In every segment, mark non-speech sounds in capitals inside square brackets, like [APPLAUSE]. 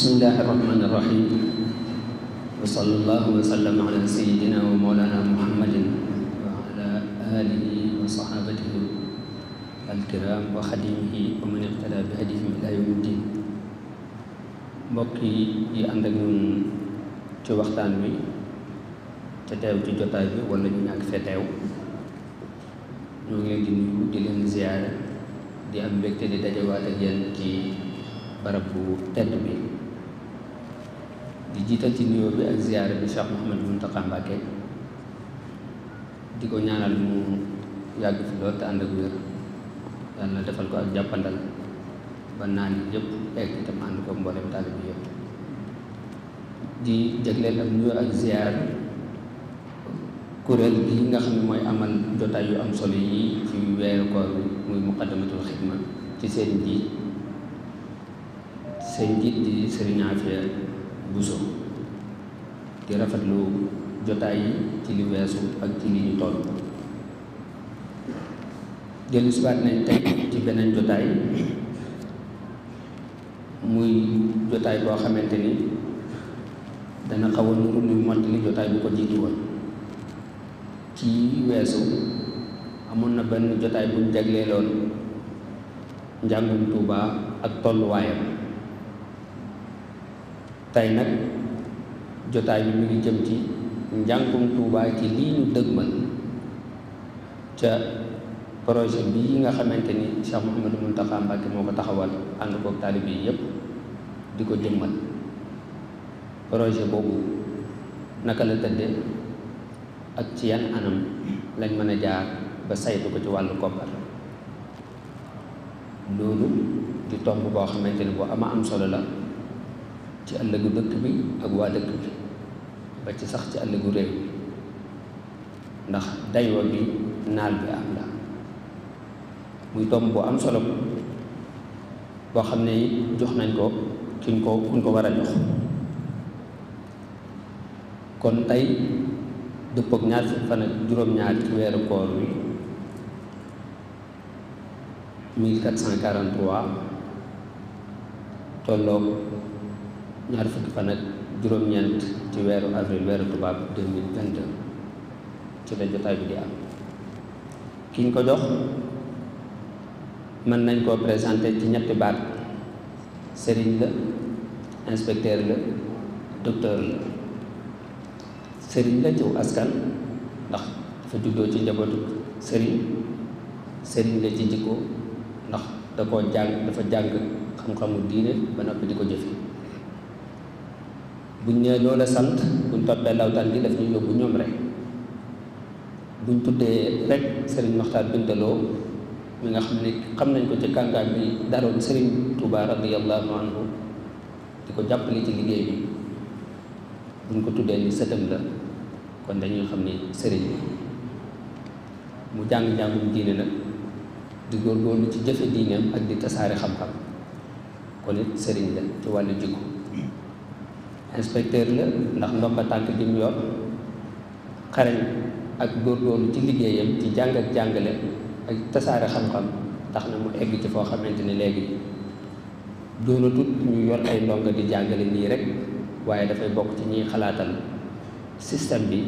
bismillahi irrahmani irrahim wa sallallahu wa sallam ala sayidina wa mawlana muhammadin wa ala alihi wa sahabatihi alkiram wa xadimihi wa man iqtada bi hadihim ila yawmi din mbokk yi ànd ak ñun ci waxtaan wi te teew ci jotaay bi wala ñu ñàkk fee teew ñoo ngi leen di nuyu di leen ziyaare di am mbégte di dajewaat ak yéen ci barab bu tedd bi di jiital ci nuyoo bi ak ziyaare bi Cheikh Mouhamadou Mountakha Mbacké di ko ñaanal mu yàgg fi te ànd ak wér yàlla defal ko ak jàppandal ba naan yëpp egg itam ànd ko mboolem taalib bi di jagleel ak nuyoo ak ziyaar kuréel gi nga xam ne mooy amal jotaay yu am solo yi ci weeru koor bi muy muqaddamatul xidma ci seen jiit seen jiit di Serigne Buso rafet rafetlu jotaay yi ci li weesu ak ci li ñu toll dellu siwaat nañ tey ci beneen jotaay muy jotaay boo xamante ni dana xaw a nuru luy mottali jotaay bu ko jiitu woon ci weesu amoon na benn jotaay buñ jagleeloon njàngum Tuuba ak tolluwaayam tey nag jotaay bi mu ngi jëm ci njàngum Tuubaa ci lii ñu ma ca projet bii nga xamante ni Cheikh Mouhamadou mu Mbacké moo ko taxawal ànd kook taalibe yi yépp di ko jëmmal projet boobu naka la tëdde ak ci yan anam lañ mën a jaar ba saytu ko ci wàllu koppar loolu di tomb boo xamante ni bu ama am solo la ci ëllëgu dëkk bi ak waa dëkk bi ba ci sax ci ëllëgu réew bi ndax dayoo bi naal bi am la muy tomb bu am solo boo xam ne jox nañ ko kiñ ko kuñ ko war a jox kon tey dëppook ñaar fan ak juróom-ñaar ci weeru koor wi 1443 tolloog ñaar fukki fan ak juróom-ñeent ci weeru avril weeru tubaab 2022 ci la jotaay bi di am ki ko jox mën nañ koo présenté ci ñetti baat sëriñ la inspecteur la docteur la sëriñ la ciw askan ndax dafa juddoo ci njabootu sëriñ sëriñ la ci jikko ndax da koo jàng dafa jàng xam-xamu diine ba noppi di ko jëfe buñ nee loola sant bu buñ toppee lawtal bi daf ñu yóbbu ñoom rek buñ tuddee rek sëriñ Maxtaar Bintaloo mu nga xam ne xam nañ ko ci kàngaam bi daroon sëriñ Touba radiyallahu anhu di ko jàppale ci liggéey bi buñ ko tuddee ni sëtam la kon dañuy xam ni sëriñ bi mu jàng-jàngum diine nag di góorgóorlu ci jëfe diineem ak di tasaare xam-xam kon it sëriñ la ci wàllu jikko inspecteur la ndax ndomba tànk gi mu yor xarañ ak góor góorgóorlu ci liggéeyam ci jàng ak jàngale ak tasaare xam-xam tax na mu egg ci foo xamante ni léegi doonatut ñu yor ay ndonga di jàngale nii rek waaye dafay bokk ci ñiy xalaatal système bi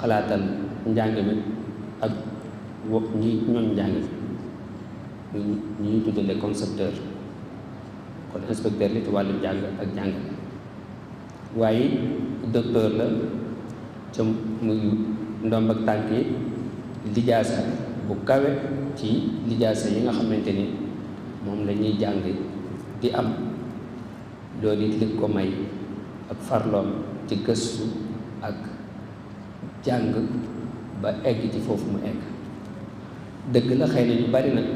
xalaatal njàng mi ak ñi ñoom njàng mi ñu ñuy tuddale concepteur kon inspecteur li ci wàllu njàng ak jàngale waaye docteur la ca muy ndomb ak tànk lijaasa bu kawe ci lijaasa yi nga xamante ni moom lañuy ñuy jàng di am loolu it li ko may ak farloom ci gëstu ak jàng ba egg ci foofu mu egg dëgg la xëy na ñu bari nag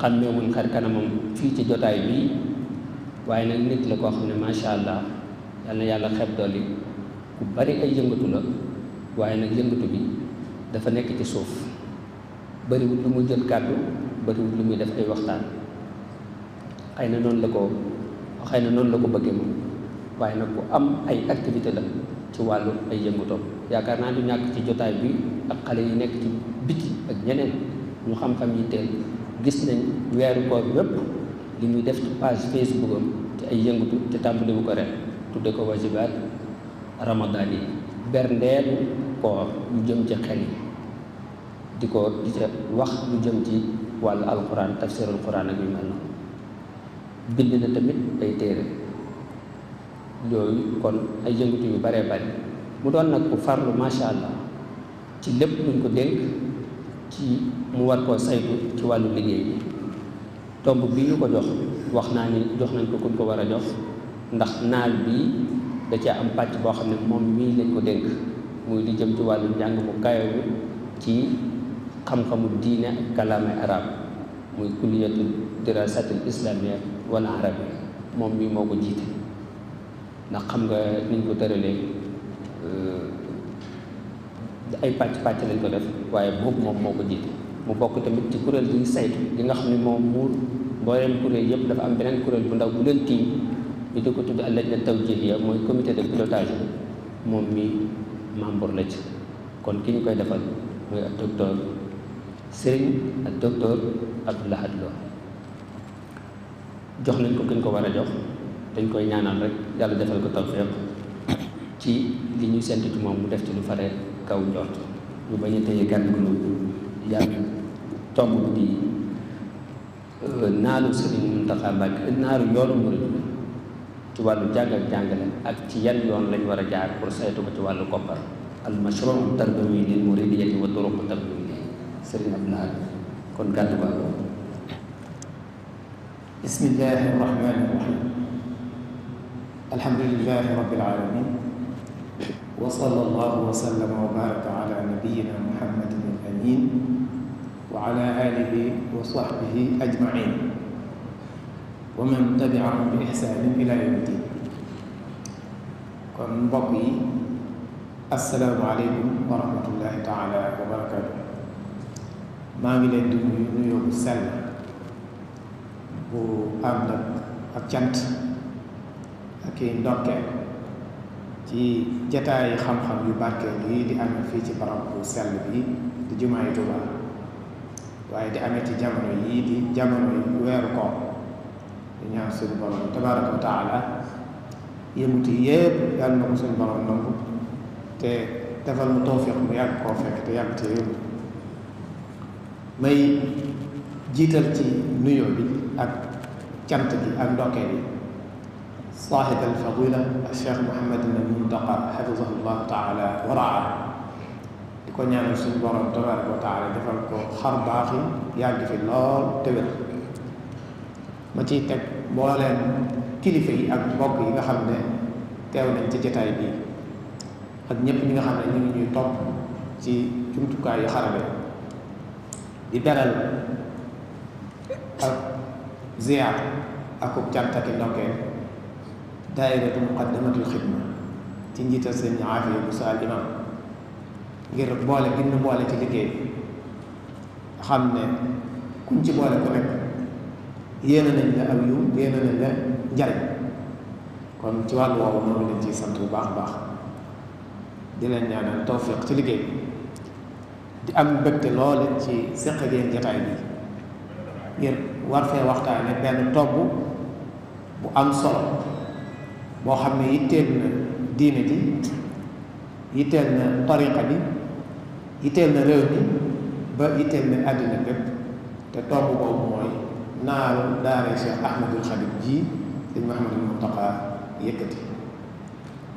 xàmmeewuñ xar kanamam fii ci jotaay bii waaye nag nit la koo xam ne macha allah. yal yàlla xeb dolli ku bari ay yëngatu la waaye nag yëngatu bi dafa nekk ci suuf bariwul lu muy jël kàddu bariwul lu muy def ay waxtaan xëy na noonu la ko xëy na noonu la ko bëggee moom waaye nag ku am ay activité la ci wàllu ay yëngatoom yaakaar naa du ñàkk ci jotaay bi ak xale yi nekk ci biti ak ñeneen ñu xam-xam yi teel gis nañ weeru koor yépp li muy def ci page Facebook ci ay yëngatu te tàmbaliwu ko ren tudde ko wajibaat ramadaan yi berndeel koor lu jëm ci xel yi di ko di ca wax lu jëm ci wàllu alquran tafsirul quran ak yu mel noonu bind na tamit ay téere yooyu kon ay yëngatu yu baree bari mu doon nag ku farlu macha allah ci lépp luñ ko dénk ci mu war koo saytu ci wàllu liggéey bi tomb bi ñu ko jox wax naa ni jox nañ ko kuñ ko war a jox ndax naal bi da cee am pàcc boo xam ne moom mii lañ ko dénk muy li jëm ci wàllu njàng mu kayo ci xam-xamu diine ak kalaame arab muy kulliyatul dirasatil islamia wala arabia moom mii moo ko jiite ndax xam nga niñ ko tëralee euh, ay pàcc-pàcc lañ ko def waaye boobu moom moo ko jiite mu bokk tamit ci kuréel gi saytu li nga xam ne moom muur mbooleem kuréel yëpp dafa am beneen kuréel bu ndaw bu leen tiim li di ko tudd allajna tawjihiya mooy comité de pilotage moom mi membre la ci kon ki ñu koy defal mooy ak docteur Serigne ak docteur Abdou jox nañ ko ki ñu ko war a jox dañ koy ñaanal rek yàlla defal ko tawfiq [COUGHS] ci li ñu séntu ci moom mu def ci lu fare kaw njort ñu bañ a téye yàlla tomb bi di euh, naalu Serigne Mountakha Mbacké naalu yoonu murid ci wàllu jàng ak jàngale ak ci yan yoon lañ war a jaar pour saytu ko ci wàllu koppar al mashru' tarbawi lil muridiyati wa turuq tarbawi sëriñ Abdoulaye kon gàddu ba bismillahi rahmani rahim alhamdulillahi rabbil alamin wa sallallahu wa sallama wa baraka ala nabiyyina muhammadin al amin wa ala alihi wa sahbihi ajmain wa man tabiahum bi ihsaanin ila kon mbokk yi asalaamaaleykum wa rahmatullahi taala wa maa ngi leen di nuyu nuyoo bu sell bu ànd ak cant ak i ndokkeel ci jataayi xam-xam yu barkeel yi di amee fii ci barab bu sell bi di jumaay Tuubaa waaye di amee ci jamono yii di jamono yi weeru koor di ñaan suñu wa taala yënguti yépp yàlla na ko suñu borom nangu te defal mu mu yàgg koo fekk te yàgg te may jiital ci nuyoo bi ak cant bi ak ndokkee bi al fadila cheikh mohamadin al muntaqa xafizahu llahu taala wa raa di ko ñaanal suñu borom tabaraka wa taala defal ko xar baax yi yàgg fi lool te wér ma ciy teg mbooleem kilifa yi ak mbokk yi nga xam ne teew nañ ci jataay bi ak ñëpp ñi nga xam ne ñu ngi ñuy topp ci jumtukaay yu xarale di beral ak ziar akub cant ak ndokkeel daayiratu muqaddamatul xidma ci njiital seen aafiya bu saal imam ngir boole gën boole ci liggéey xam ne kuñ ci boole ko nekk yéene nañ la aw yiw yéene nañ la njariñ kon ci wàllu woowu moom lañ ciy sant bu baax a baax di leen ñaanal tawfiq ci liggéey di am mbégte lool ci seq ak yéen bi ngir war fee waxtaane benn togg bu am solo boo xam ne yitteel na diine yitteel na tariqa bi yitteel na réew mi ba yitteel na àddina bépp te togg boobu mooy naaru daaree Cheikh Ahmadul Xadim ji sëñ Mahamadul Muntaqa yëkkati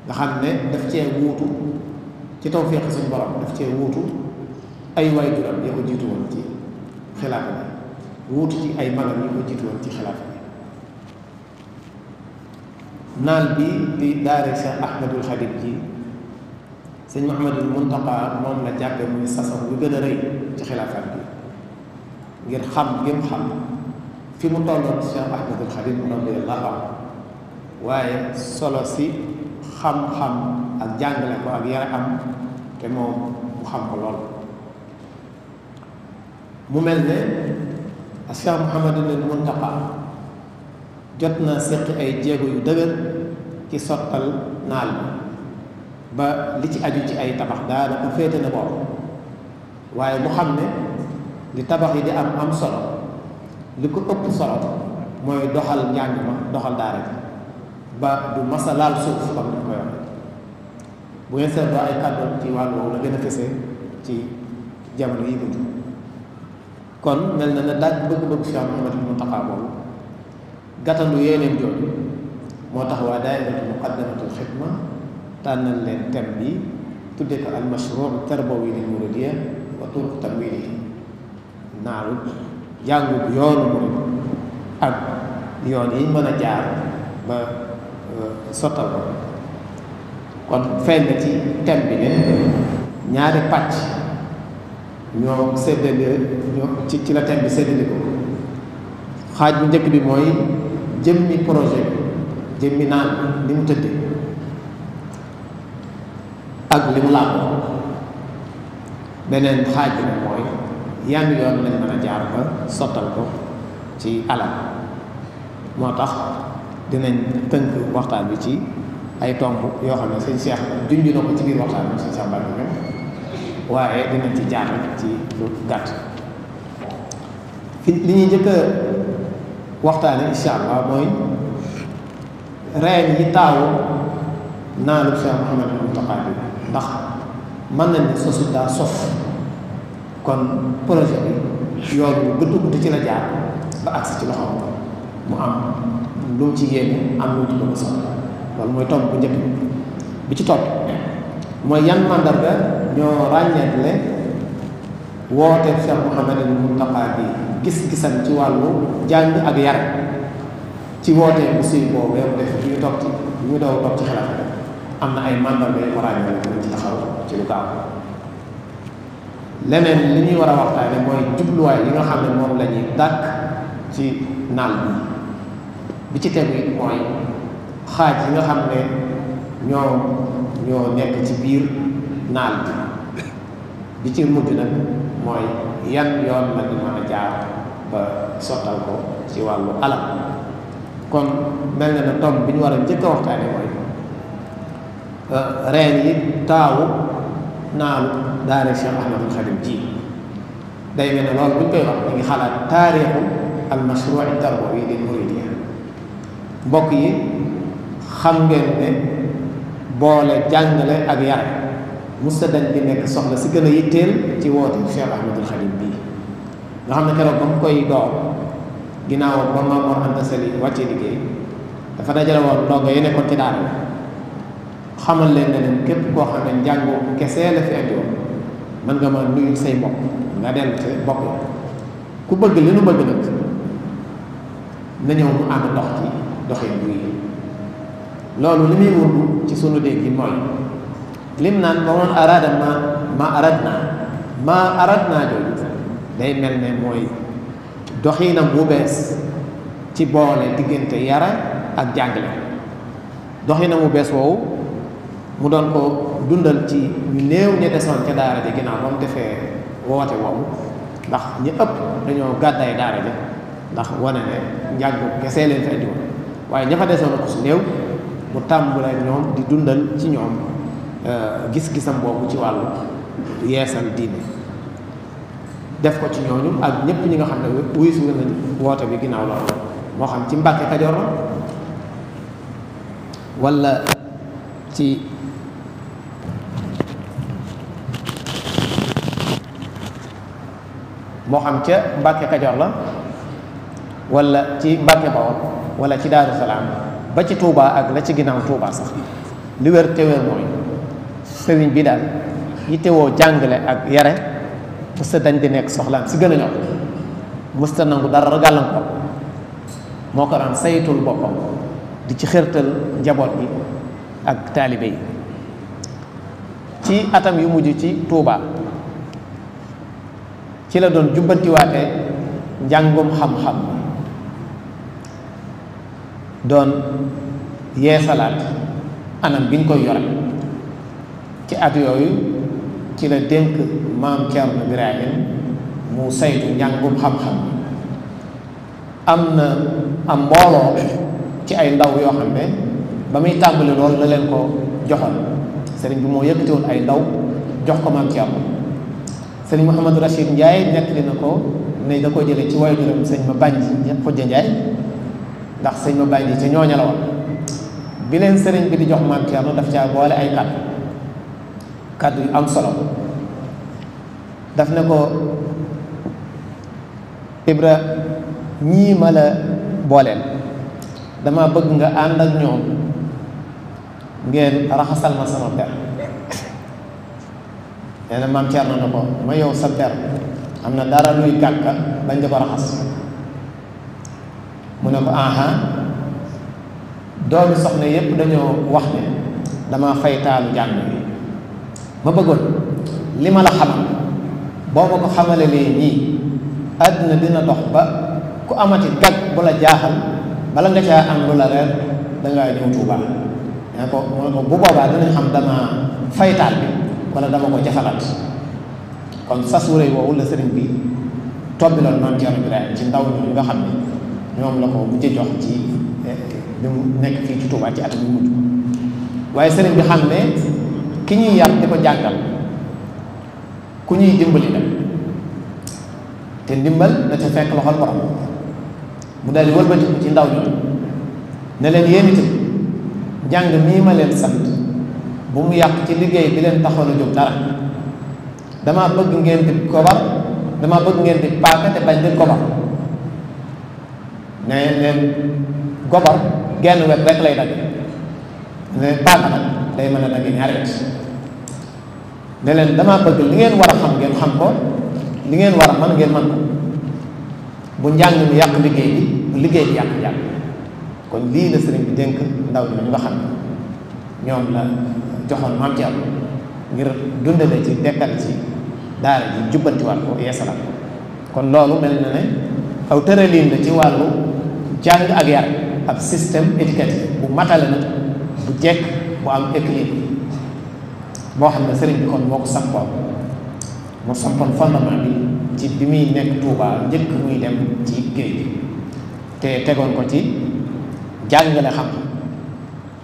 nga xam ne daf cee wuutu ci tawféex suñ borom daf cee wuutu ay waajuram ya ko jiitu ci xilaafa bi wuutu ci ay magam ya ko jiitu woon ci xilaafa bi naal bi di daaree Cheikh Ahmadul Xadim ji sëñ Mahamadul Muntaqa moom la jàppe muy sasam lu gën a rëy ci xilaafaat bi ngir xam gëm xam fi mu tolloon Cheikh Ahmadul Xadim radiyallahu anhu waaye solo si xam-xam ak jàngale ko ak yara am te moom mu xam ko lool mu mel ne Cheikh Mouhamadul Muntaqa jot na séqi ay jéego yu dëgër ki sottal naal ba li ci aju ci ay tabax daanaka féete na boobu waaye mu xam ne li tabax yi di am am solo li ko ëpp solo mooy doxal njàng ma doxal daara ji ba du masa laal suuf xam ni koy wax bu ngeen seetloo ay kàddoom ci wàll woowu la gën a fese ci jamono yi mujj kon mel na ne daaj bëgg-bëgg Cheikh Mouhamadou Mountakha boobu gàttandu yéeneen jooju moo tax waa daayiratu muqaddamatul xidma tànnal leen thème bi tudde ko al mashru' tarbawi lil muridiyya wa turuq tanwinihi naaru jàngu bu yoonu ak yoon yi mën a jaar ba euh, sottal ko kon feeñ na ci thème bi ne ñaari pàcc ñoo séddale ñoo ci ci la thème bi séddale ko xaaj bu njëkk bi mooy jëmmi projet bi jëmmi naan li mu tëdde ak li mu làmboo beneen xaaj bi mooy yan yoon lañ mën a jaar ba sottal ko ci alal moo tax dinañ tënk waxtaan bi ci ay tomb yoo xam ne sëñ Cheikh junj na ko ci biir waxtaan bi sëñ Cheikh Mbacke ñoom waaye dinañ ci jaar ci lu gàtt fi li ñuy njëkk a waxtaane insha allah mooy reen yi taawu naalu Cheikh Mouhamadou Mountakha bi ndax mën nañ ne sosu kon projet bi yoon bu gudd ci la jaar ba agsi ci loxoom mu am lu ci yéene am lu mu ci bëgg a soxla loolu mooy tomb bu njëkk bi ci topp mooy yan màndarga ñoo ràññeekle woote Cheikh Mouhamadou Mountakha bi gis-gisam ci wàllu jàng ak yar ci woote bu suy boobee mu def ñu toog ci ñu daw toog ci xalaat am na ay màndarga yu ko ràññeekle ci taxaw ci lu gaaw leneen li ñuy war a waxtaane mooy jubluwaay li nga xam ne moom lañuy ñuy ci naal bi bi ci tegu it mooy xaaj yi nga xam ne ñoo ñoo nekk ci biir naal bi bi ci mujj nag mooy yan yoon la ñu a jaar ba sottal ko ci wàllu alam kon mel na ne tomb bi ñu war a njëkk a waxtaane mooy euh, reen yi taawu naam daara Cheikh Ahmadul Xadim ji day mel loolu bu koy wax ñu ngi xalaat taarixu al mashruu tarbawi lil muridiyya mbokk yi xam ngeen ne boole jàngale ak yar mustadan bi nekk soxla si gën a yitteel ci woote Cheikh Ahmadul Xadim bii nga xam ne keroog ba mu koy door ginnaaw ba Maam Mor Anta Sali wàccee liggéey dafa dajale woon ndongo yi nekkoon ci daara xamal leen ne leen képp koo xam ne njàngoo kese la fi andi woon mën nga ma nuyul say bokk nga dellu say bokk ku bëgg li nu bëgg nag na ñëw mu ànd dox ci doxin buy loolu li muy wundu ci sunu dégg gi mooy lim naan ma woon araada ma ma naa ma arad naa jooju day mel ne mooy doxinam bu bees ci boole diggante yara ak jàngale doxinam bu bees woowu mu doon ko dundal ci ñu néew ña desoon ca daara ji ginnaaw ba defee woote woowu ndax ñi ëpp dañoo gàddaay daara ji ndax wane ne njàng kese leen fi andi waaye ña desoon ko su néew mu tàmbale ñoom di dundal ci ñoom euh, gis-gisam boobu ci wàllu yeesal diine def ko ci ñooñu ak ñëpp ñi nga xam ne wuyu si nga nañ woote bi ginnaaw loolu moo xam ci Mbàkke Kajoor wala ci moo xam ca Mbàkke Kajoor la wala ci Mbàkke Bawol wala ci Daaru ba ci tuubaa ak la ci ginnaaw Touba sax li wér te wér mooy sëriñ bi daal yittewoo jàngale ak yare musta dañ di nekk soxlaam si gën a ñor musta nangu dara gàllankoor moo ko daan saytul boppam di ci xërtal njaboot bi ak taalibe yi ci atam yu mujj ci Touba ci la doon jubbantiwaate njàngum xam-xam doon yeesalaat anam bi ñu koy yore ci at yooyu ci la dénk maam Thierno Birahim mu saytu njàngum xam-xam am na am mbooloo ci ay ndaw yoo xam ne ba muy tàmbali loolu la leen ko joxoon sëriñ bi moo yëkkati ay ndaw jox ko maam Thierno sëñ Mouhamadou Rachid Ndiaye nettali na ko ne da ko jëlee ci waajuram sëñ ma bànj xujja Ndiaye ndax sëñ ma bànj ci ñooña la woon bi leen sëriñ bi di jox maam Thierno daf caa boole ay kàddu kàddu yu am solo daf ne ko Ibra ñii ma la booleel dama bëgg nga ànd ak ñoom ngeen raxasal ma sama der nee na maam na ko ma yow sa der am na dara luy gàkka dañ di ko raxas mu ne ko aha doomi soxna yépp dañoo wax ne dama fay jàng bi ma bëggoon li ma la xamal boo ko xamale lee nii àdduna dina dox ba ku amati gàkk bu la jaaxal bala nga caa am lu la reer dangaa ñëw Tuubaa ko mu ne ko bu boobaa dinañ xam dama fay bi wala dama ko jaxalaat kon sa wu rëy woowu la sëriñ bi tobbiloon maam Thierno Birahim ci ndaw ñoom nga xam ne ñoom la ko bu ci jox ci eh, bi mu nekk fii ci Touba ci at bi mujj waaye sëriñ bi xam ne ki ñuy yar di ko jàngal ku ñuy dimbali la te ndimbal na ca fekk loxol borom mu daal di wëlbatiku ci ndaw ñi ne leen yéen itam njàng mii ma leen sant bu mu yàq ci liggéey bi leen taxoon a jóg dara dama bëgg ngeen di kobar dama bëgg ngeen di paaka te bañ di kobar ne leen gobar genn wet rek lay dagg ne paaka nag day mën a dagg ñaari wet ne leen dama bëgg li ngeen war a xam ngeen xam ko li ngeen war a mën ngeen mën ko bu njàng mi yàq liggéey bi bu liggéey bi yàq njàng kon lii la sëriñ bi dénk ndaw ñi ñu nga xam ñoom la joxoon maam ci am ngir dundale ci dekkal ci daara ji jubbantiwaat ko yeesalaat ko kon loolu mel na ne aw tëraliin la ci wàllu jàng ak yar ab système éducatif bu matale nag bu jekk bu am équilibre boo xam ne sëriñ bi kon moo ko sampoon mu sampoon fondement bi ci bi muy nekk Touba njëkk muy dem ci géej gi te tegoon ko ci jàngale xam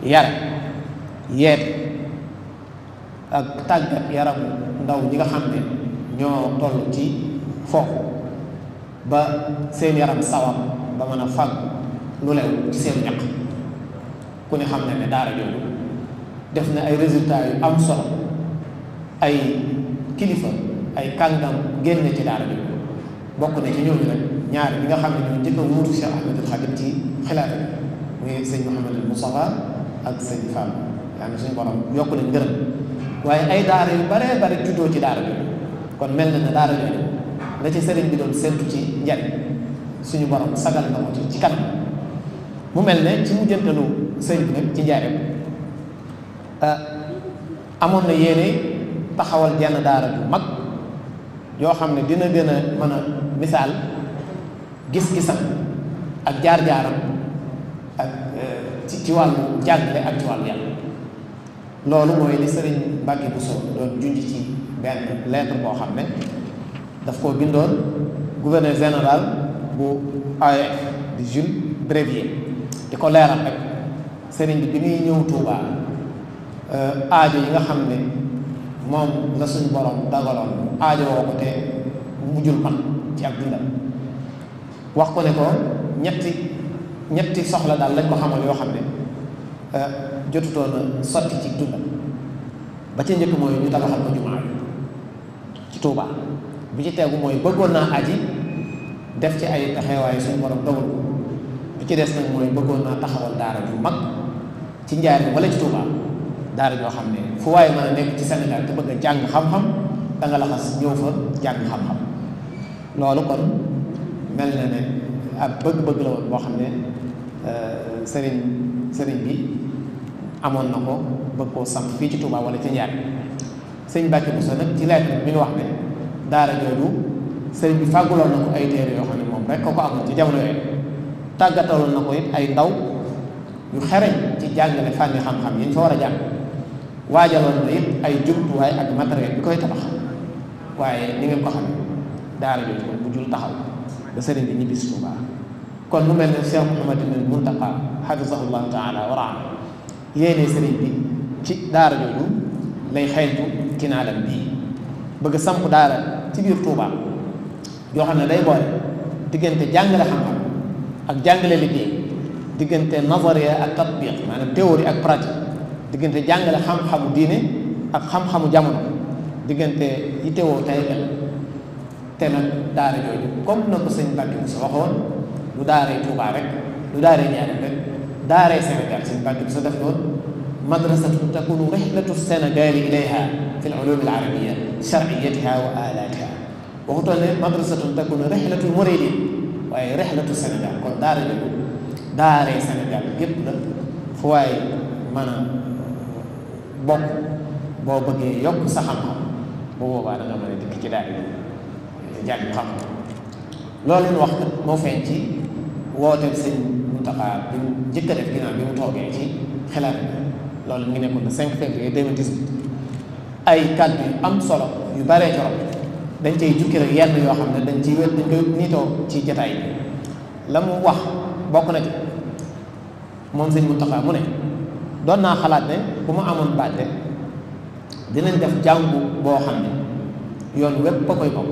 yar yeet ak tàgg yaramu ndaw ñi nga xam ne ñoo toll ci foofu ba seen yaram sawam ba mën a fag lu lew ci seen ñaq ku ne xam ne ne daara jooju def na ay résultats yu am solo ay kilifa ay kàngam génn ci daara jooju bokk na ci ñooñu nag ñaar ñi nga xam ne ñoo njëkk a wuutu Cheikh Ahmadul Khadim ci xilaafa bi muy sëñ Mouhamadul Moustapha ak sëñ Fall yaa ngi suñu borom yokk nañ gërëm waaye ay daara yu baree bari juddoo ci daara bi kon mel na na daara yooyu la ci sëriñ bi doon séntu ci njariñ suñu borom sagal na ko ci ci kanam mu mel ne ci mujjantalu sëriñ bi ci njaareem ah, amoon na yéene taxawal jenn daara bu mag yoo xam ne dina gën a mën a misaal gis-gisam ak jaar-jaaram ak eh, ci ci wàllu jàngale ak ci wàllu yàlla loolu mooy li sëriñ Mbàkke Bousso doon junj ci benn lettre boo xam ne daf koo bindoon gouverneur général bu AOF e di Jules Brévier di ko leeral rek sëriñ bi bi muy ñëw Touba euh, aajo yi nga xam ne moom la suñ borom dagaloon aajo woo ko te mujjul man ci ak dundam wax ko ne ko ñetti ñetti soxla daal lañ ko xamal yoo xam ne Euh, jotutoon a sotti ci dundam ba ca njëkk mooy ñu tabaxal ko jumaa ci Touba bi ci tegu mooy bëggoon naa aji def ci ay taxawaayu suñu borom dogal ko bi ci des nag mooy bëggoon naa taxawal daara ju mag ci Njaaréem wala ci Touba daara ñoo xam ne fu waaye mën a nekk ci Sénégal te bëgg jàng xam-xam da nga laxas ñëw fa jàng xam-xam loolu kon mel na ne ab bëgg-bëgg la woon boo xam ne euh, sëriñ sëriñ bi. amoon na ko bëgg koo samp fii ci Touba wala ci sañ sëñ Mbàkke Buso nag ci lettre bi mi wax ne daara jooju sëriñ bi fàgguloon na ko ay téere yoo xam ne moom rek ko ko amoon ci jamono yooyu tàggataloon na ko it ay ndaw yu xereñ ci jàngale fànni xam-xam yi ñu fa war a jàng waajaloon na it ay jumtuwaay ak matériel bi koy tabax waaye ni ngeen ko xam daara jooju bu jul taxaw ba sëriñ bi ñibbisi Touba kon lu mel ne Cheikh Mouhamadou Mountakha xafisahu llahu taala yéene sëriñ bi ci daara jooju lay xeeñtu kinaalam bii bëgg samp daara ci biir Touba yoo xam ne day boole diggante jàngale xam-xam diggante nazariya ak tatbiq ak pratique diggante jàngale xam-xamu diine ak xam-xamu jamono diggante yittewoo tay te nag daara jooju comme na ko sëñ Mbacke Moussa waxoon du daaree Touba rek du daaree ñaari rek daaree Sénégal sëñ Mbàkke bi sa def loon madrasatu takunu rihlatu Sénégal ilayha fi al-ulum al-arabiyya shar'iyyatiha wa alatiha waxutoon ne madrasatu takunu rihlatu muridin waaye rihlatu Sénégal kon daara jëgu daaree Sénégal gépp la fu waaye mën a bokk boo bëggee yokk sa xam-xam bu boobaa da nga mën a dikk ci daara jàng xam loolu ñu wax kat moo feeñ ci woote sëñ Mountakha bi mu njëkk a def ginnaaw bi mu toogee ci xelaat bi loolu mu ngi nekkoon le 5 février 2018 ay kàddu yu am solo yu baree torop dañ cay jukki rek yenn yoo xam ne dañ ciy wét dañ koy niitoo ci jataay bi la mu wax bokk na ci moom sëñ Mountakha mu ne doon naa xalaat ne bu ma amoon baat de dinañ def jàngu boo xam ne yoon wépp a koy bokk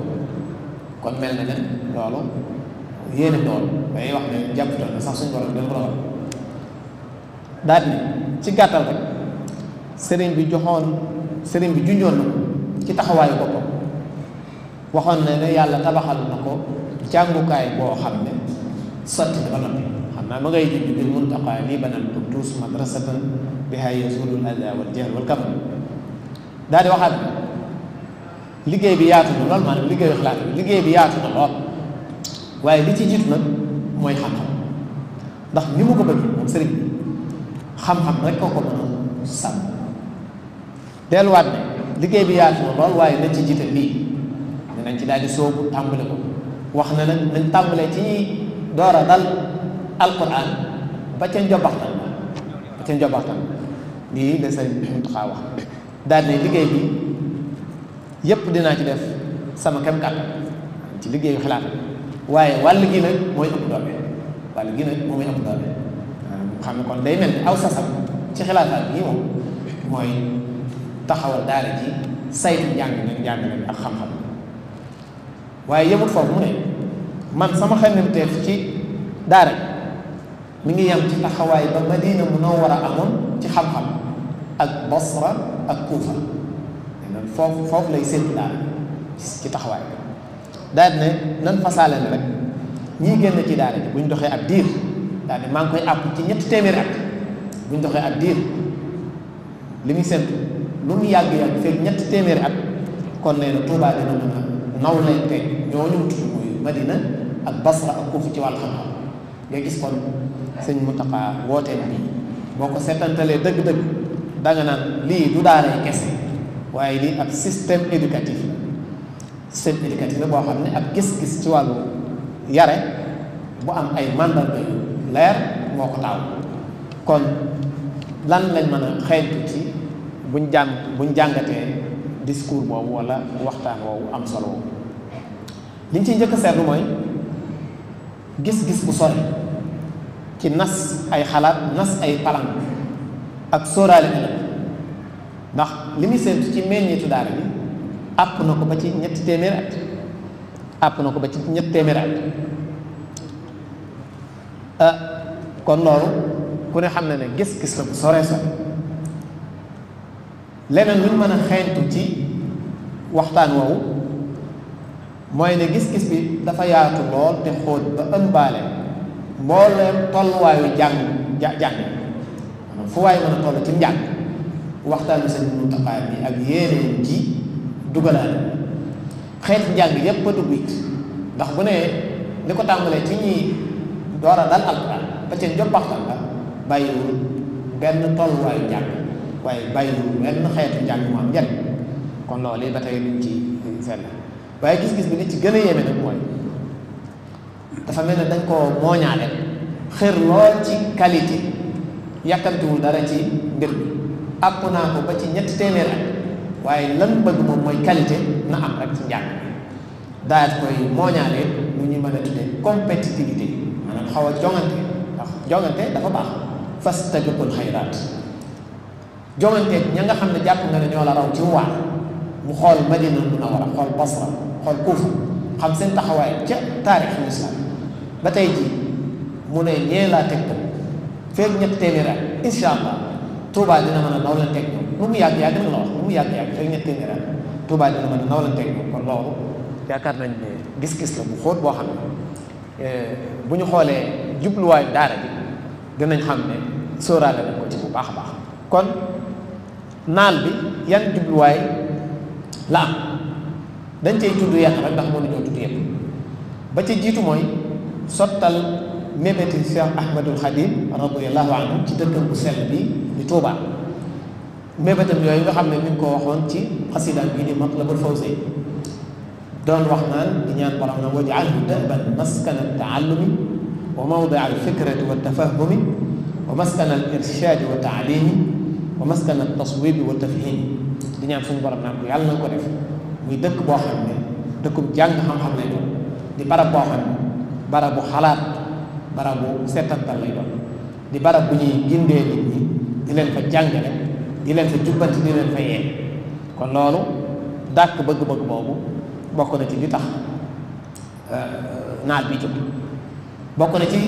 kon mel na ne loolu yéene lool day wax ne jàpputal na sax suñu borom dina ko dogal daal ni ci gàttal rek sëriñ bi joxoon sëriñ bi junjoon na ko ci taxawaayu boppam waxoon na ne yàlla tabaxal na ko jàngukaay boo xam ne sotti na ba noppi xam naa ma ngay junj bil muntaqaa lii madrasatan biha yazulul ada wal jahl wal kam daal waxaat liggéey bi yaatu na lool maanaam liggéeyu xalaat liggéey bi yaatu na lool waaye li ci jiitu nag mooy xam-xam ndax ni mu ko bëggee moom sëriñ xam-xam rek ko mën a delluwaat ne liggéey bi yaatu na lool waaye nañ ci jiite lii ci daal di soobu tàmbale ko na nag nañ tàmbalee ci door a dal alquran ba ca njobaxtan ba ca njobaxtan lii la sëriñ bi Muntaxa wax daal ne liggéey bi yépp dinaa ci def sama kem kàttan ci liggéeyu xalaat waaye wàll gi nag mooy ëpp doole wàll gi nag moom mooy ëpp doole xam ne kon day mel aw sasam ci xilaafaat yi moom mooy taxawal daara ji saytu njàng nañ njàng nañ ak xam-xam waaye yemut foofu mu ne man sama xemmemteef ci daara mu ngi yem ci taxawaay ba Madina Munawwara amoon ci xam-xam ak Basra ak Kuufa foofu foofu lay seetlu daara ci taxawaay daal ne nan fasaaleen rek ñii génn ci daara ji bu ñu doxee ab diir daal maa ngi koy àpp ci ñetti téeméeri at bu doxee ak diir li muy sent lu mu yàgg yàgg fekk ñetti téeméeri at kon nee na Tuubaa dina mën a naw leen te ñooñu mu tudd muy Madina ak Basra ak Kuufa ci wàll xam-xam nga gis kon sëñ Mountakha wooteen bi boo ko setantalee dëgg-dëgg danga naan lii du daaree kese waaye lii ab système éducatif seet la boo xam ne ak gis-gis ci wàllu yare bu am ay mandarga yu leer moo ko taaw kon lan lañ mën a xeeñtu ci buñ jàng buñ jàngatee discours boobu wala waxtaan woowu am solo woowu liñ ciy njëkk a seetlu mooy gis-gis bu sori ci nas ay xalaat nas ay palan ak sóoraale ëllëg ndax li muy séentu ci meññeetu daara bi àpp na ko ba ci ñetti téeméer àpp na ko ba ci ñetti téeméer at ah kon loolu ku ne xam na ne gis-gis la bu soree sore leneen luñ mën a xeeñtu ci waxtaan woowu mooy ne gis-gis bi dafa yaatu lool te xóot ba ëmbaale mbooleem tolluwaayu jàng jàng fu waay mën a toll ci njàng waxtaanu sëñ Muntaxa bi ak yéeneen ji dugalaale xeeti njàng yépp a dugg it ndax bu ne li ko tàmbalee ci ñi doora a dal alquran ba ci joppaxtal la bàyyiwul benn tolluwaayu njàng waaye bàyyiwul benn xeetu njàng mu am kon loolu ba tey luñ ci fenn waaye gis-gis bi li ci gën a yéeme nag mooy dafa mel ne dañ koo mooñaale xër lool ci qualité yàkkamtiwul dara ci mbir mi àpp naa ko ba ci ñetti téeméer waaye lan bëgg moom mooy qualité na am rek ci njàng daal koy mooñaale lu ñu mën a tuddee compétitivité maanaam xaw a jongante ndax jongante dafa baax fastabiqul xayraat jongante ña nga xam ne jàpp nga ne ñoo la raw ci waa mu xool Madina Munawara xool Basra xool Kuufa xam seen taxawaay ca taarix lislaam ba tey jii mu ne ñee laa teg ko feeg ñett téeméer ak allah Tuubaa dina mën a naw la teg lu mu yàgg yàgg na la wax lu mu yàgg yàgg fekk ñetti Tuubaa dina mën a nawlanteeg moom kon loolu yaakaar nañ ne gis-gis la bu xóot boo xam ne eh, bu ñu xoolee jubluwaayu daara bi dinañ xam ne sóoraale nañ ko ci bu baax a baax kon naal bi yan jubluwaay la am dañ cey tudd yàq rek ndax mënuñoo tudd yëpp ba ci jiitu mooy sottal mébéti Cheikh Ahmadul Khadim radiyallahu anhu ci dëkkam bu sell bi di Tuubaa mébétam yooyu nga xam ne mi ngi ko waxoon ci xasidaat bii di Matlabul Fawzi doon wax naan di ñaan borom na waj'alhu da'ban maskana taallumi wa mawdia alfikrati wa tafahumi wa maskana al irshaadi wa taalimi wa maskana taswibi wa tafhimi di ñaan suñu borom naan ko yàlla na ko def muy dëkk boo xam ne dëkkub jàng xam doon di barab boo xam barabu xalaat barabu seetantal lay doon di barab bu ñuy gindee nit ñi di leen fa jàngale di leen fa jubbanti di leen fa yee kon loolu dàkk bëgg-bëgg boobu bokk na ci li tax euh, naal bi jub bokk na ci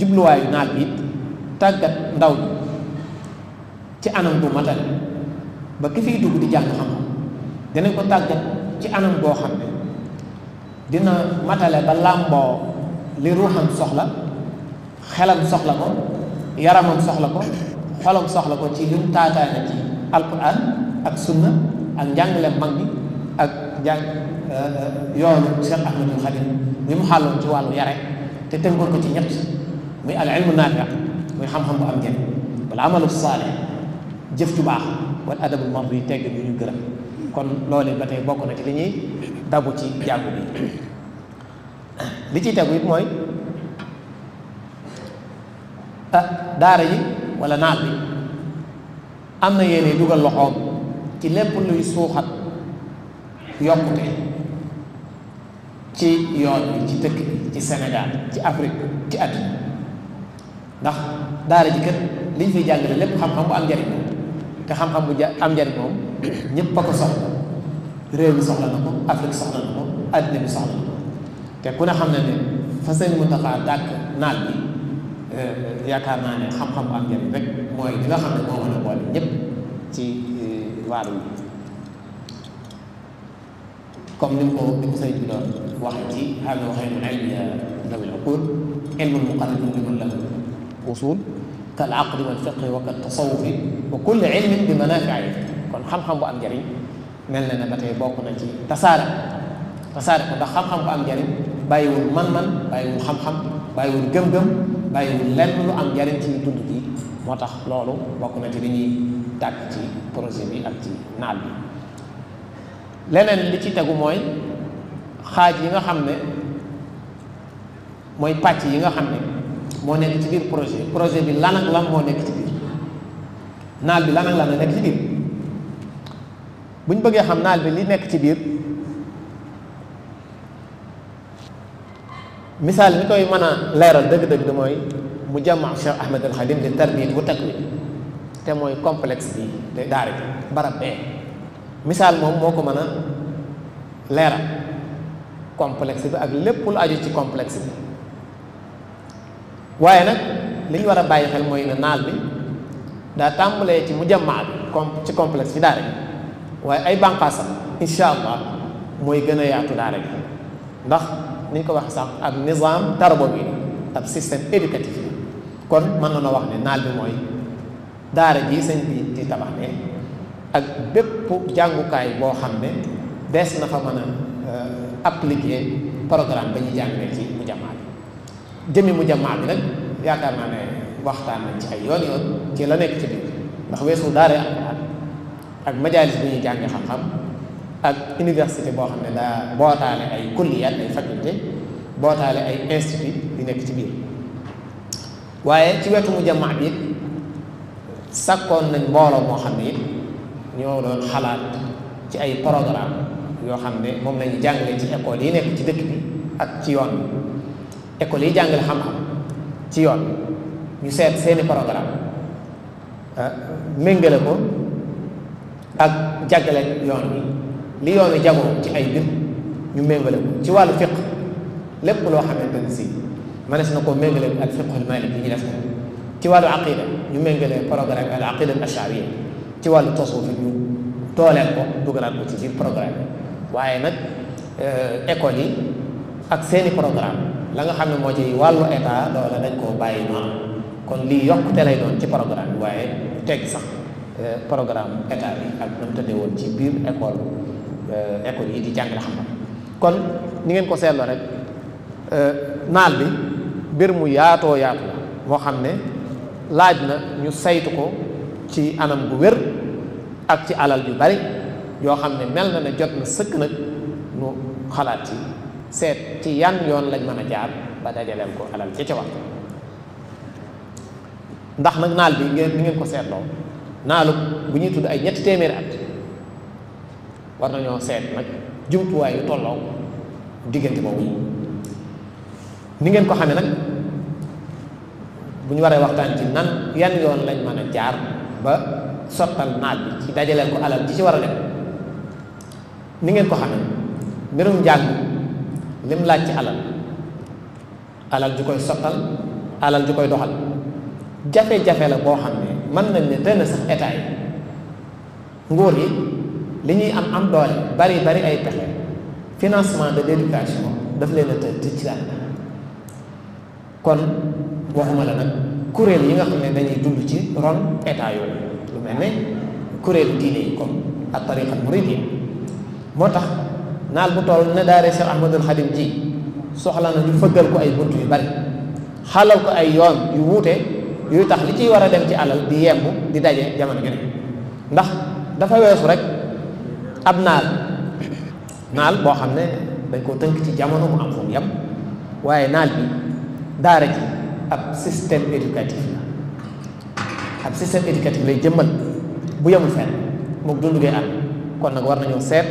jubluwaayu naal bi it tàggat ndaw ñi ci anam bu matal ba ki fiy dugg di jàng xam dinañ ko tàggat ci anam boo xam ne dina matale ba làmboo li ruuxam soxla xelam soxla ko yaramam soxla ko xolam soxla ko ci li mu taataane ci alquran ak sunna ak njàngale mag bi ak njàng euh, yoonu Cheikh Ahmadul Xadim mi mu xàlloon ci wàll yare te tënkoon ko ci ñett muy al ilmu naafiq muy xam-xam bu am njëriñ wala amalu saalih jëf ju tegg bi ñu gërëm kon loolu ba tey bokk na ci li ñuy dabu ci jàng bi li ciy tegu it mooy ah, daara yi wala naat bi am na yéene dugal loxoom ci lépp luy suuxat yokkute ci yoon bi ci dëkk bi ci Sénégal ci Afrique ci àdduna ndax daara ji kat liñ fiy jàngale lépp xam-xam bu am njariñ te xam-xam bu am njariñ moom ñëpp a ko soxla réew mi soxla na ko Afrique soxla na ko àddina bi soxla na ko te ku ne xam ne ne fa seen muntaxaa dàkk naat bi yaakaar naa ne xam-xam am njëriñ rek mooy li nga xam ne moo mën a boole ñëpp ci euh, wàllu bi comme ni mu ko ni mu sëñ bi doon wax ci am na waxee mu ay dawil uqul ilmul muqarrab liman lahu usul kal aqli wal fiqhi wa kal tasawufi wa kulli ilmin bi manaafi'i kon xam-xam bu am njëriñ mel na ne ba tey bokk na ci tasaare tasaare ko ndax xam-xam bu am njëriñ bàyyiwul man-man bàyyiwul xam-xam bàyyiwul gëm-gëm bàyyiwul lenn lu am njariñ ci dund gi moo tax loolu bokk na ci li ñuy tàgg ci projet bi ak ci naal bi leneen li ci tegu mooy xaaj yi nga xam ne mooy pàcc yi nga xam ne moo nekk ci biir projet projet bi lan lan moo nekk ci biir naal bi lan ak lan nekk ci biir bu ñu bëggee xam naal bi li nekk ci biir misaal mi koy mën a leeral dëgg-dëgg di mooy mu jàmma Cheikh Ahmed al Khadim di tarbiit bu takk wi te mooy complexe bi te daara ji barab bee misaal moom moo ko mën a leeral complexe bi ak lépp lu aju ci complex bi waaye nag li ñu war a bàyyi xel mooy ne naal bi daa tàmbalee ci mu jàmmaa bi com ci complexe bi daara waaye ay bànqaasam incha allah mooy gën a yaatu daara ndax ni ñu ko wax sànq ak nizaam tarbawi ab système éducatif la kon mën na wax ne naal bi mooy daara ji sëñ bi di tabax ne ak bépp jàngukaay boo xam ne dees na fa mën a euh, appliquer programme ba ñuy jàngale ci mu bi jëmi mu jamaa bi nag yaakaar naa ne waxtaan nañ ci ay yoon yoon ci la nekk ci biir ndax weesu daara ak majaalis bi ñuy jànge xam-xam ak université boo xam ne daa bootaale ay kulliyaat ay faculté bootaale ay institut yu nekk ci biir waaye ci wetu mu jamaa bi it sakkoon nañ mbooloo moo xam ne it ñoo doon xalaat ci ay programme yoo xam ne moom lañu jàngale ci école yi nekk ci dëkk bi ak ci yoon école yi jàngale xam-xam ci yoon ñu seet seeni programme ah, méngale ko ak jàggale yoon bi li yi jamono ci ay mbir ñu méngale ci wàllu fiq lépp loo xamante ne si mënees na koo méngale ak fiqul malik yi ñu def ci wàllu aqida ñu méngale programme al aqida al ashariya ci wàllu tasawuf ñu dooleel ko dugalaat ko ci biir programme waaye nag euh, école yi ak seeni programme la nga xam ne moo ci wàllu état loola dañ koo bàyyi noonu kon lii yokkute lay doon ci programme bi waaye teg sax euh, programme état bi ak nam tëddee woon ci biir école Euh, école yi di jàngale xam-xam kon ni ngeen ko seetloo rek euh, naal bi mbir mu yaatoo yaatu la moo xam ne laaj na ñu saytu ko ci anam gu wér ak ci alal yu bari yoo xam ne mel na ne jot na sëkk nag nu xalaat ci seet ci yan yoon lañ mën a jaar ba dajaleel ko alal ci ca wax ndax nag naal bi ngeen ni ngeen ko seetloo naalu bu ñuy tudd ay ñetti téeméeri at war nañoo seet nag jumtuwaay yu tolloo diggante boobu ni ngeen ko xamee nag bu ñu waree waxtaan ci nan yan yoon lañ mën a jaar ba sottal naaj bi ci dajaleel ko alal ji ci war a dem ni ngeen ko xamee mbirum njàng lim laaj ci alal alal ju koy sottal alal ju koy doxal jafe-jafe la boo xam ne mën nañ ne tënn sax état nguur yi li ñuy am am doole bari bari ay pexe financement de l'éducation daf leen a ci tëccaat kon waxuma la nag kuréel yi nga xam ne dañuy dund ci ron état yooyu lu mel ne kuréelu diine yi comme ak tariqa murid yi moo tax naal bu toll ne daare Cheikh Ahmadul Xadim ji soxla na ñu fëggal ko ay bunt yu bari xalal ko ay yoon yu wuute yuy tax li ciy war a dem ci alal di yemb di daje jamono gi ndax dafa weesu rek ab naal naal boo xam ne dañ koo tënk ci jamono mu am fu mu waaye naal bi daara ji ab système éducatif la ab système éducatif lay jëmmal bu yemul fenn moom dundu ngay ànd kon nag war nañoo seet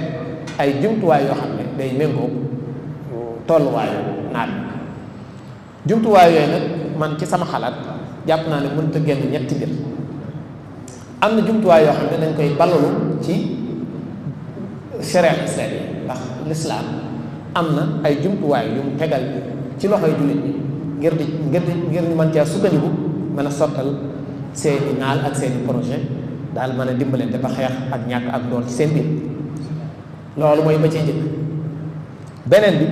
ay jumtuwaay yoo xam ne day méngoo tolluwaayu yooyu nag man ci sama xalaat jàpp naa ne mënut a génn ñetti mbir am na jumtuwaay yoo xam ne dañ koy ballalu ci sharia islami ndax lislaam am na ay jumtuwaay yu mu tegal ci loxoy jullit bi ngir di ngir di ngir ñu mën sukkandiku mën a sottal seeni naal ak seeni projet daal mën a dimbalante dafa xeex ak ñàkk ak dool ci seen biir loolu mooy ba ci njëkk beneen bi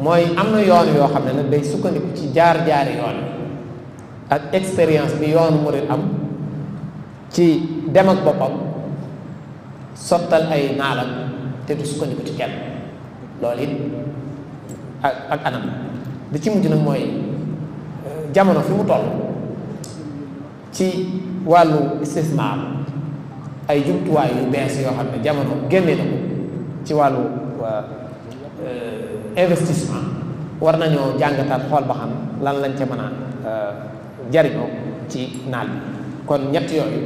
mooy am na yoon yoo xam ne nag day sukkandiku ci jaar-jaari yoon ak expérience bi yoonu murid am ci dem ak boppam sottal ay naalam te du sukkandiku kenn loolu it ak ak anam li ci mujj nag mooy euh, jamono fi mu toll ci wàllu istismaar ay jumtuwaay yu bees yoo xam ne jamono génnee na ci wàllu euh, investissement war nañoo jàngataat xool ba xam lan lañ ca mën a euh, jariñoo ci naal bi kon ñett yooyu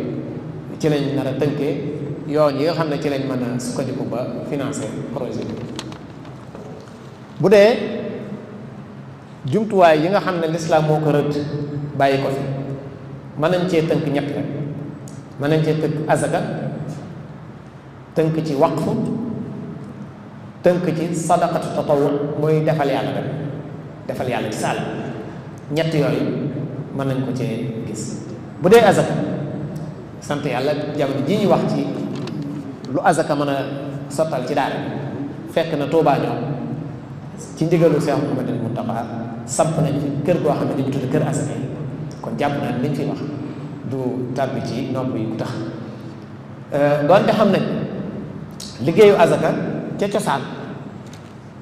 ci lañ nar a tënkee yoon yi nga xam ne ci lañ mën a sukkandiku ba financer projet bi bu dee jumtuwaay yi nga xam ne lislaam moo ko rëdd bàyyi ko fi mën nañ cee tënk ñett rek mën nañ cee tënk azaka tënk ci waqf tënk ci sadaqatu tatawu mooy defal yàlla rek defal yàlla ci saal ñett yooyu mën nañ ko cee gis bu dee azaka sant yàlla jamono ji ñu wax ci lu azaka mën a sottal ci daal fekk na Tuubaa ñoom ci ndigalu Seex Muhammadul Muntaxa samp nañ kër goo xam ne dañu tudd kër azaka yi kon jàpp naa ne liñ fiy wax du tàbbi ci nopp yi ku tax euh, doonte xam nañ liggéeyu azaka ca cosaan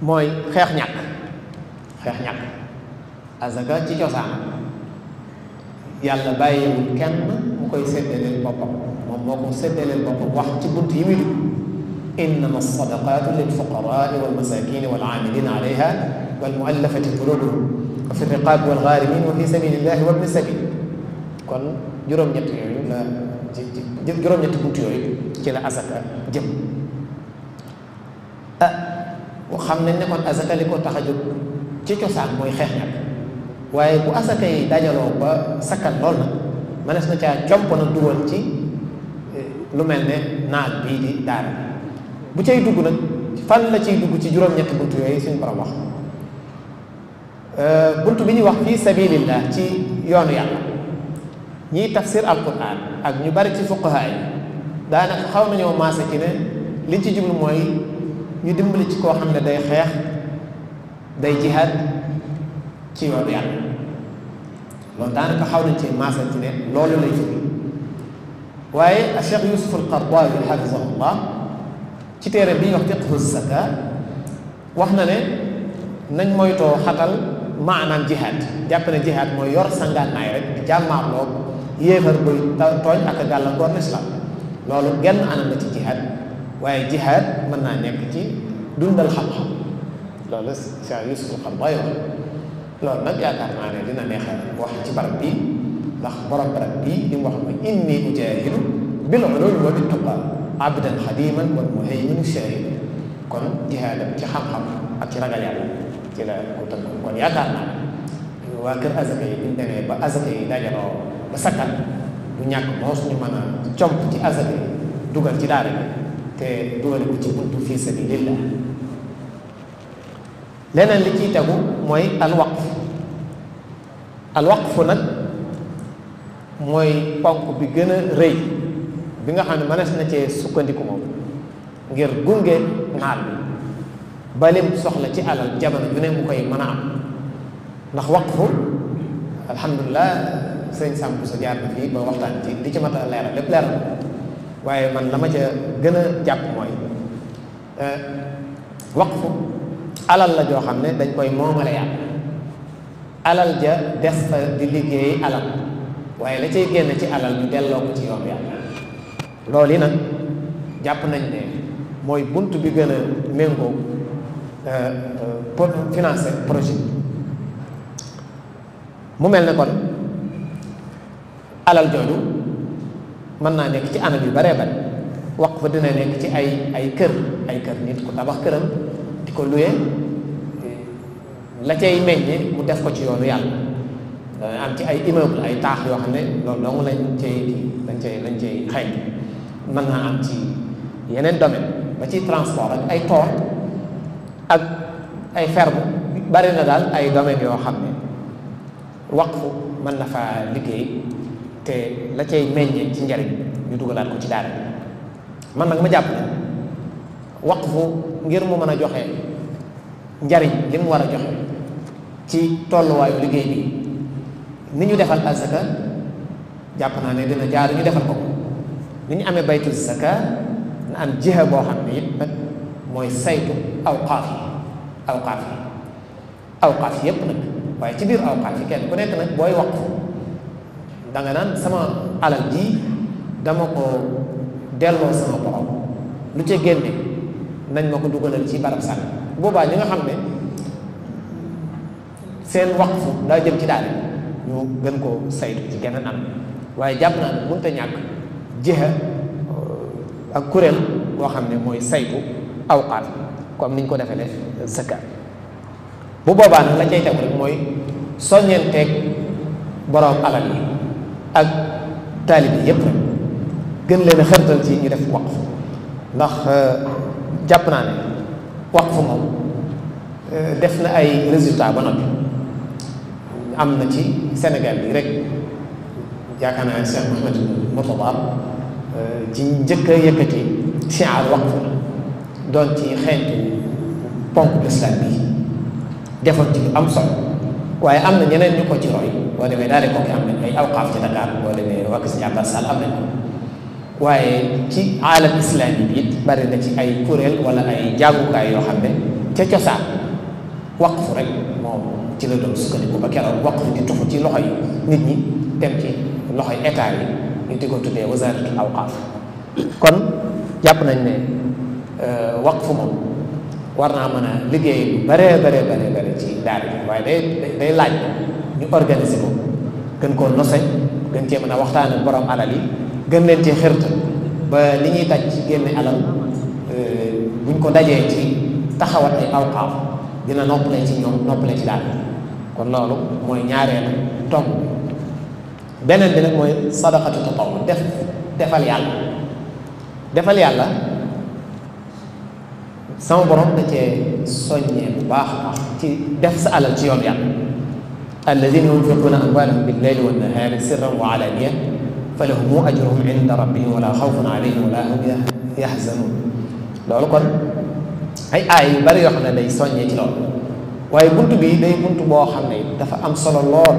mooy xeex ñàkk xeex ñàkk azaka ci cosaan yàlla bàyyiwul kenn mu koy séddale boppam boppam moo ko séddaleel boppam wax ci bunt yi muy dugg innama alsadaqatu lilfuqarai walmasakini walamilina alayha walmuallafati qulubuhum wa fi riqabi walgaarimin wa fi sabilillahi wabni sabil kon juróom-ñett yooyu la juróom-ñett bunt yooyu ci la asaka jëm ah xam nañ ne kon asaka li ko tax a ci cosaan mooy xeex ñàkk waaye bu asaka yi dajaloo ba sakkan lool na mënees na caa jomp na dugal ci lu mel ne naaj bii di daara bu cay dugg nag fan la ciy dugg ci juróom-ñetti bunt yooyu suñu borom wax euh, bunt bi ñuy wax fii sabilillah ci yoonu yàlla ñiy tafsir alquran ak ñu bari ci fuqaha yi daanaka xaw nañoo maase ci ne liñ ci jublu mooy ñu dimbali ci koo xam ne day xeex day jihaad ci yoonu yàlla loolu daanaka xaw nañ ci maase ci ne loolu lay jublu waaye a cheikh yusuf al qardawi xafisahullah ci téere bi ñuy wax fiqhu zaka wax na ne nañ moytoo xatal maanaam jihaad jàpp ne jihaad mooy yor sangaanaay rek di jàmmaarloo yéefar buy tooñ ak gàllankoor lislaam loolu genn a la ci jihaad waaye jihaad mën naa nekk ci dundal xam-xam loolu cheikh yusuf al qardawi wax loolu nag yaakaar naa ne dina neexal wax ci barab bi ndax borom barab bii li mu wax mooy inni ujaahidu bil ulumi wa bit tuqa abdan xadiman wal muhayminu sharid kon jihaadam ci xam-xam ak ci ragal yàlla ci la ko tënk kon yaakaar naa waa kër azaka yi buñ demee ba ba sakkan du ñàkk moo suñu mën a comp ci azaka yi dugal ci daara bi te dugal ko ci buntu fii sabilillah leneen li ciy mooy alwaqf mooy ponk bi gën a rëy bi nga xam ne mënees na cee sukkandiku moom ngir gunge naar bi balim soxla ci alal jamono ju ne mu koy mën a am ndax waqfu alhamdulilah sëñ Samb sa jaar na fii ba waxtaan ci li ci mat a leeral lépp leeral waaye man la ma ca gën a jàpp mooy euh, waqfu alal la joo xam ne dañ koy moomale yàlla alal ja des fa di liggéey alal waaye la cay génn ci alal ñu delloo ko ci yoon yàlla loolu yi nag jàpp nañ ne mooy bunt bi gën a méngoo euh, pour financer projet mu mel ne kon alal jooju mën naa nekk ci anam yu baree bare waqf dina nekk ci ay ay kër ay kër nit ku tabax këram di ko luye la cay meññe mu def ko ci yoonu yàlla dana am ci ay immeuble ay taax yoo xam ne loolu dong lañ cay lañ cay lañ cay xëy mën naa am ci yeneen domaine ba ci transport ak ay tool ak ay ferme bari na daal ay domaine yoo xam ne wax waqfu man na faa liggéey te la cay meññee ci njariñ ñu dugalaat ko ci daara man nag ma jàpp ne waqfu ngir mu mën a joxe njariñ li mu war a joxe ci tolluwaayu liggéey bi ni ñu defal azaka jàpp naa ne dina jaar ñu defal ko ni ñu amee baytu zaka na am jiha boo xam ne it nag mooy saytu awqaaf yi awqaaf yi awqaaf yépp nag waaye ci biir aw yi kenn ku nekk nag booy wax danga naan sama alal ji dama ko delloo sama borom lu ca génne nañ ma ko dugalal ci barab sànni boobaa ñi nga xam ne seen wax waqfu daa jëm ci daal ñu gën koo saytu ci geneen am waaye jàpp naa ne mënut a ñàkk jiha euh, ak kuréel boo xam ne mooy saytu awqaat comme niñ ko defee def zakat bu boobaa nag la cay rek mooy soññeenteeg boroom alal yi ak taalib yépp rek gën leen a xërtal ci ñu def waqf ndax euh, jàpp naa ne waqf moom euh, def na ay résultat ba noppi am na ci senegal bi rek yaakaar naa Cheikh Mouhamed Moutabar euh, ci njëkk a yëkkati siyaar waqf doon ci xeetu ponk l'islam bi defoon ci am solo waaye am na ñeneen ñu ko ci roy boo demee daal di ko am nañ ay awqaaf ci Dakar boo demee waa Kër Abbas Sall am nañ ko waaye ci aalam bari na ci ay kuréel wala ay yoo xam ne ca cosaan waqf rek. ci la doon sukkandiku ba keroog waqf di tuxu ci loxo yi nit ñi dem ci loxo yi état yi ñu di ko tuddee wasaaratul awqaaf kon jàpp nañ ne euh, waqf moom naa mën a liggéey lu baree baree baree ci daal bi waaye ñu organiser ko gën koo nose gën mën a waxtaan ak borom alal yi gën leen ci xirt ba li ñuy taj ci génne alal euh, ko dajee ci taxawat ay awqaaf dina noppale ci ñoom noppale ci daal bi kon loolu mooy ñaareelu tomb beneen bi nag mooy sadaqatu tatawu def defal yàlla defal yàlla sama borom da cee soññee bu baax a baax ci def sa alal ci yoon yàlla alladina yunfiquna amwalahum billayli wannahaari sirran wa alaniya fa lahum ajruhum inda rabbihim wala xawfun alayhim wala hum yaxzanuun loolu kon ay aay yu bari yoo xam ne day soññee ci loolu waaye bunt bii day bunt boo xam ne dafa am solo lool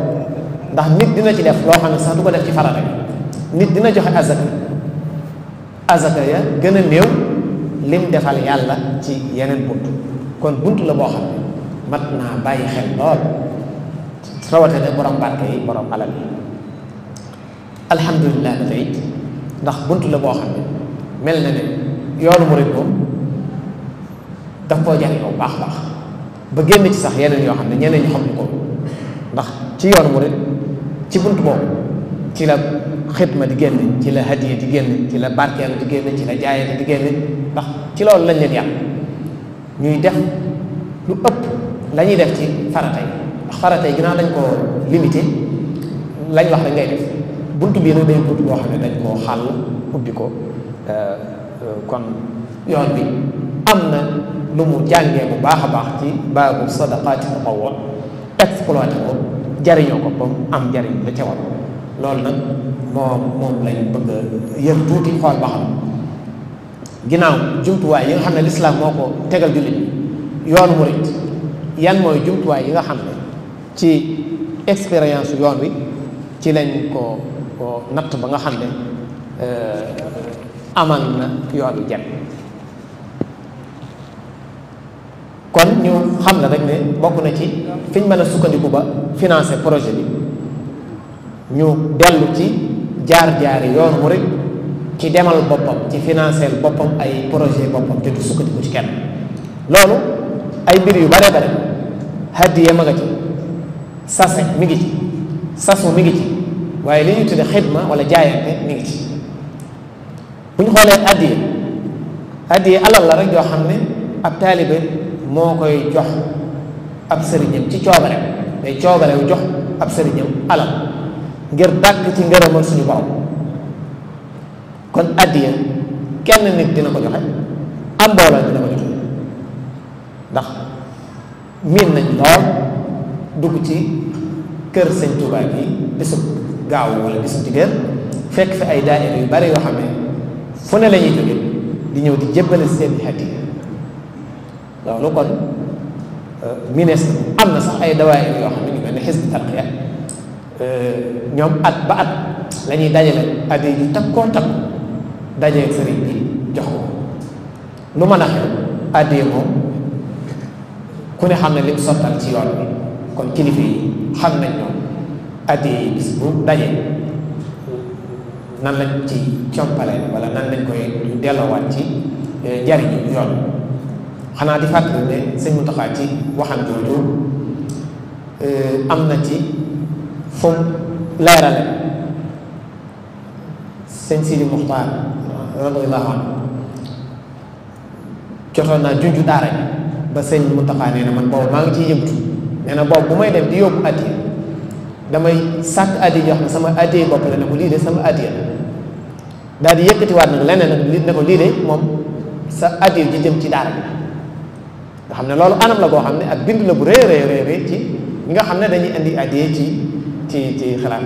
ndax nit dina ci def loo xam ne sax du ko def ci farata nit dina joxe azaka azaka ya gën a néew lim defal yàlla ci yeneen bunt kon bunt la boo xam ne mat naa bàyyi xel lool rawatina borom barke yi borom alal yi alhamdulilah ba ndax bunt la boo xam ne mel na ne yoonu murit moom daf koo jariñoo bu baax baax ba génn ci sax yeneen yoo xam ne ñeneen ñu xam ko ndax ci yoon murit ci bunt boobu ci la xitma di génn ci la hadiya di génn ci la barkeelu di génn ci la jaayante di génn ndax ci loolu lañ leen ñuy def lu ëpp la ñuy def ci faratay ndax faratay ginnaaw dañ ko limité lañ wax rek ngay def bunt bii nag day bunt boo xam ne dañ koo xàll ubbi ko euh, euh, kon yoon bi am na lu mu jàngee bu baax a baax ci baabu sadaqaati tatawwu exploité ko jariñoo ko ba mu am jariñ la ca war loolu nag moom moom lañ bëgg a tuuti xool ba xam ginnaaw jumtuwaay yi nga xam ne lislaam moo ko tegal jullit mooy jumtuwaay yi nga xam ne ci expérience yoon wi ci lañ ko natt ba nga xam ne euh, amal na yoonu jen kon ñu xam ne rek ne bokk na ci fiñ ñu mën a sukkandiku ba financer projet bi ñu dellu ci jaar-jaari yoon mu rek ci demal boppam ci financer boppam ay projet boppam te du sukkandiku ci kenn loolu ay mbir yu bare bare hadiya ma nga ci sase mi ngi ci sasu mi ngi ci waaye li ñuy tudde xidma wala jaayante mi ngi ci bu ñu xoolee hadiya hadiya alal la rek yoo xam ne ab taalibe moo koy jox ab sëriñam ci coobare day coobare wu jox ab sëriñam alal ngir dàkk ci ngërëmal suñu borom kon addiya kenn nit dina ko joxe am mbooloo dina ko joxe ndax miin nañ lool dugg ci kër sëñ Touba bi bisub gaaw wala bisub digéer fekk fi ay daayira yu bari yoo xam ne fu ne la ñuy di ñëw di jébbale seen i loolu kon euh, ministre am na sax ay dawaay yoo xam ne ñu mel ne xisbi tarqiya euh, ñoom at ba at lañuy ñuy dajale addi yu takkoo takk dajee sëriñ bi jox ko lu mën a xew addi moom ku ne xam ne lim sottal ci yoon kon kilifa xam nañ ñoom addi yi bis bu dajee nan lañ ci compale wala nan lañ koy delloowaat ci euh, njariñu yoon xanaa di fàttali ne sëñ Muntaxa ci waxam jooju eh, am na ci fu leerale sëñ Sidi Muxtaar radiyallaahu anhu jotoon naa ju daara ji ba sëñ Muntaxa nee na man boobu maa ngi ci yëngatu nee na boobu bu may dem di yóbbu addiya damay sàkk addiya jox na sama addiya bopp la ko lii de sama addiya daal di yëkkatiwaat nag leneen nag li ne ko lii de moom sa addiya ji jëm ci daara bi xam ne loolu anam la boo xam ne ak bindu la bu rëy rëy ci ñi nga xam ne dañuy indi addiyee ci ci ci xalaat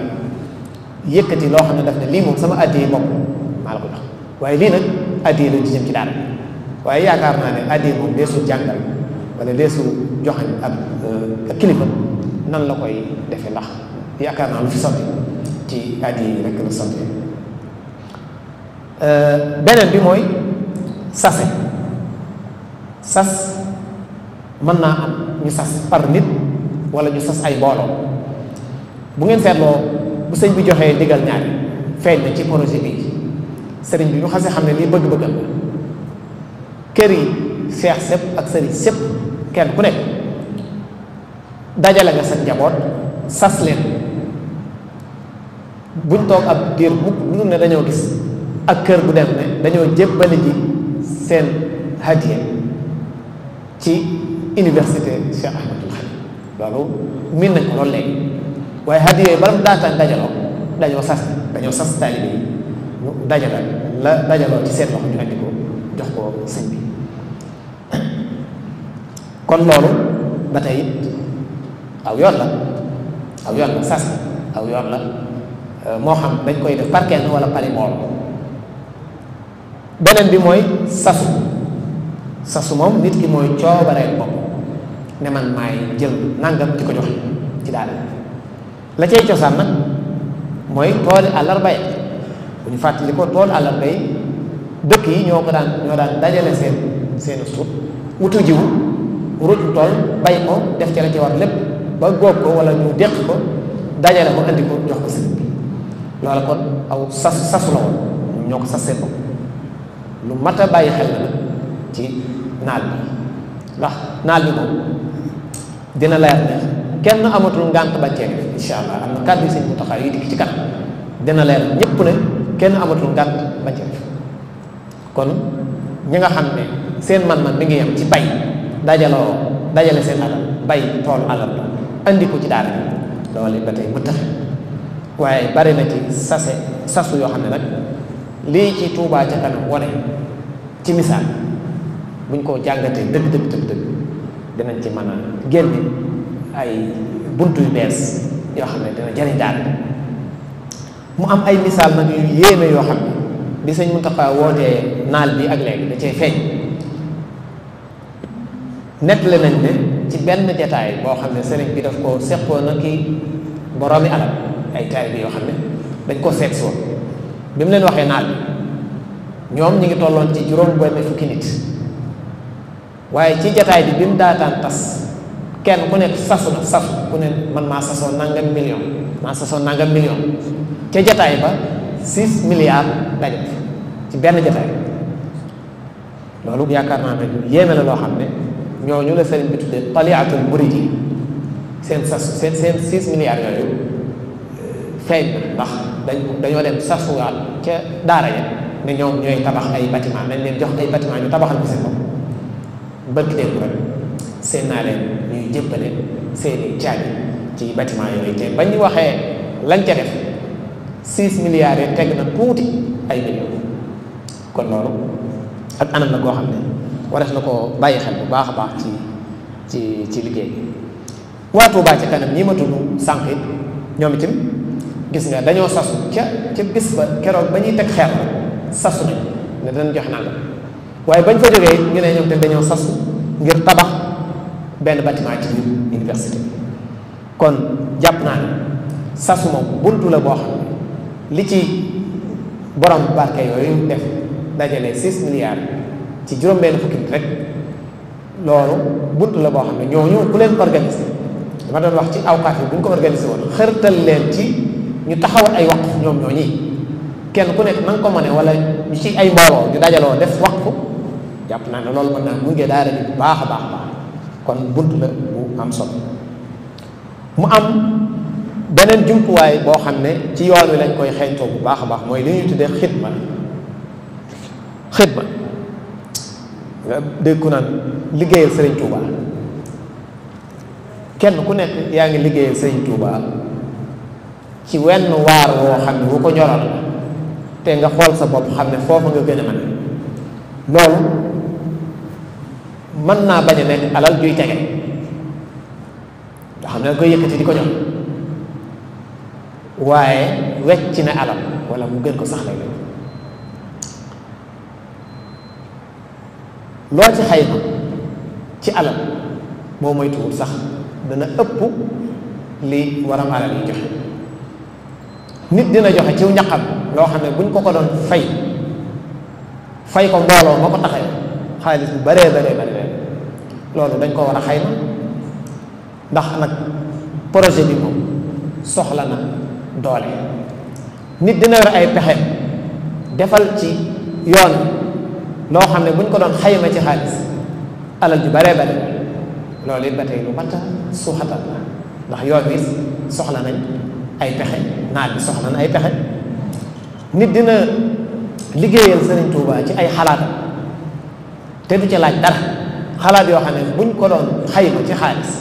yëkkati loo xam ne daf ne lii moom sama addiyee yi maa la ko lii nag addiyee la ci jëm ci daara waaye yaakaar naa ne addiyee jàngal wala deesu joxañ ak euh, ak kilifa nan la koy defee ndax yaakaar naa lu fi sant ci addiyee yi rek la sant euh, beneen bi mooy sase sas mën naa am ñu sas par nit wala ñu sas ay mbooloo bu ngeen seetloo bu sëñ bi joxee digal ñaari feeñ na ci projet bi sëriñ bi ñu xase xam ne lii bëgg-bëggal kër yi seex sépp ak sëriñ sépp kenn ku nekk dajale nga sa njaboot sas leen buñ toog ab diir mukk lu ne dañoo gis ak kër bu dem ne dañoo jébbale ji seen hadiya ci université Cheikh Ahmadul Khadim loolu miin nañ ko loolu léegi waaye xaddi yooyu bala mu daataan dajaloo dañoo sas dañoo sas taalibe yi ñu dajala la dajaloo ci seen loxo ñu andi ko jox ko sëñ bi kon loolu ba tey aw yoon la aw yoon la sas aw yoon la euh, moo xam dañ koy def par kenn wala pari mool beneen bi mooy sasu sasu moom nit ki mooy coobareel bopp ne man maay jël nangam di ko jox ci daal la cay cosaan nag mooy tooli àllarba yi bu ñu fàttali ko toolu àllarba dëkk yi ñoo ko daan ñoo daan dajale seen seen suuf wutu jiwu ruuj tool bay ko def ci la ci war lépp ba góor ko wala ñu déq ko dajale ko andi ko jox ko sëriñ bi loola kon aw sas sasu la woon ñoo ko sas seen lu mat a bàyyi xel la nag ci naal bi ndax naal bi moom dina leer ne kenn amatul ngànt bàccee def incha allah am na kàddu sëñ Muntaxa yu dikk ci kat dina leer ñëpp ne kenn amatul ngànt ba def kon ñi nga xam ne seen man-man mi ngi yem ci bay dajaloo dajale seen alal bay tool alal la andi ko ci daara loolu ba tey bu waaye bari na ci sase sasu yoo xam ne nag lii ci Tuubaa ca kanam wane ci misaal buñ ko jàngatee dëgg dëgg dëgg dëgg dinañ ci mën génne ay bunt yu bees yoo xam ne dina jariñ daal mu am ay misaal nag yu yéeme yoo xam ne bi sëñ Mountakha wootee naal bi ak léegi da cee feeñ nettali nañ ci benn jataay boo xam ne sëriñ bi daf ko seqoon na ki boroomi alal ay taay yoo xam ne dañ ko seet soon bi mu leen waxee naal bi ñoom ñi ngi tolloon ci juróom benn fukki nit waaye ci jataay bi bi mu daataan tas kenn ku nekk sasu na sasu ku ne man maa sasoo nangam million maa sasoo nangam million ca jataay ba six milliards daje ci benn jataay loolu yaakaar naa ne lu yéeme loo xam ne ñooñu la sëriñ bi tuddee taliatul muridi seen sas seen seen six milliards yooyu euh, feeñ ndax dañ dañoo dem sasuwaat ca daara ya ne ñoom ñooy tabax ay bâtiment nañ leen jox ay bâtiment ñu tabaxal ko seen bopp bëgg dégg rek seen naa leen ñuy jëppale seeni caabi ci bâtiment yooyu te bañ waxee lañ ca def six milliards teg na tuuti ay millions kon loolu ak anam la koo xam ne waras na ko bàyyi xel bu baax a baax ci ci ci liggéey bi waa Tuubaa ci kanam ñi ma tudd sànq it ñoom itam gis nga dañoo sasu ca ca bis ba keroog ba ñuy teg xeer sasu nañ ne danañ joxe nangam waaye bañ fa jógee ñu ne ñoom itam dañoo sasu ngir tabax benn bâtiment ci biir université kon jàpp naa ne sasu moom buntu la boo xam ne li ci borom barke yooyu def dajale 6 milliards ci juróom-benn fukki nit rek loolu buntu la boo xam ne ñooñu ku leen organiser dama doon wax ci aw yi bu ñu ko organiser woon xërtal leen ci ñu taxaw ay waqf ñoom ñooñi kenn ku nekk nan nga ko mëne wala ñu ci ay mbooloo ñu dajaloo def wax waqf jàpp naa ne loolu mën naa mu daara bi bu baax a baax baax kon bunt la bu am solo mu am beneen jumtuwaay boo xam ne ci yoon wi lañ koy xeeñtoo bu baax a baax mooy li ñuy tuddee xidma xidma nga dégg ku naan liggéeyal sëriñ Touba kenn ku nekk yaa ngi liggéeyal sëriñ Touba ci wenn waar woo xam ne bu ko ñoral te nga xool sa bopp xam ne foofu nga gën a mën loolu mën naa bañ a nekk alal juy tege nga xam ne koy yëkkati di ko jox waaye wecc na alal wala mu gën ko sax ci xayma ci alal boo moytuwul sax dana ëpp li waram alal yi joxe nit dina joxe ciw ñaqam loo xam ne buñ ko ko doon fay fay ko mbooloo ma ko taxee xaalis bu baree baree bare loolu dañ ko war a xayma ndax nag projet bi moom soxla na doole nit dina yor ay pexe defal ci yoon loo xam ne buñ ko doon xayma ci xaalis alal ju baree bare loolu it ba tey lu mat a suuxatal la ndax yoon wi soxla nañ ay pexe naat bi soxla na ay pexe nit dina liggéeyal Sëriñ Tuubaa ci ay xalaatam te du ci laaj dara xalaat yoo xam ne buñ ko doon xayma ci xaalis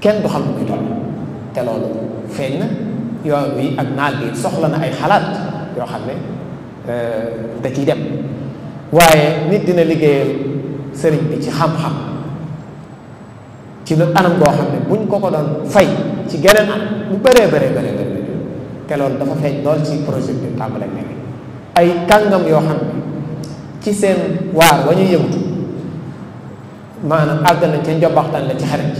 kenn du xam lu muy te loolu feeñ na yoon wi ak naal bi soxla na ay xalaat yoo xam ne euh, da ciy dem waaye nit dina liggéeyal sëriñ bi ci xam-xam ci lu anam boo xam ne buñ ko ko doon fay ci geneen am bu bëree bëree bëree te loolu dafa feeñ lool ci projet bi tàmbale nekk ay kàngam yoo xam ne ci seen waar wa ñuy maanaam àgg nañ ca njobaxtaan la ci xarit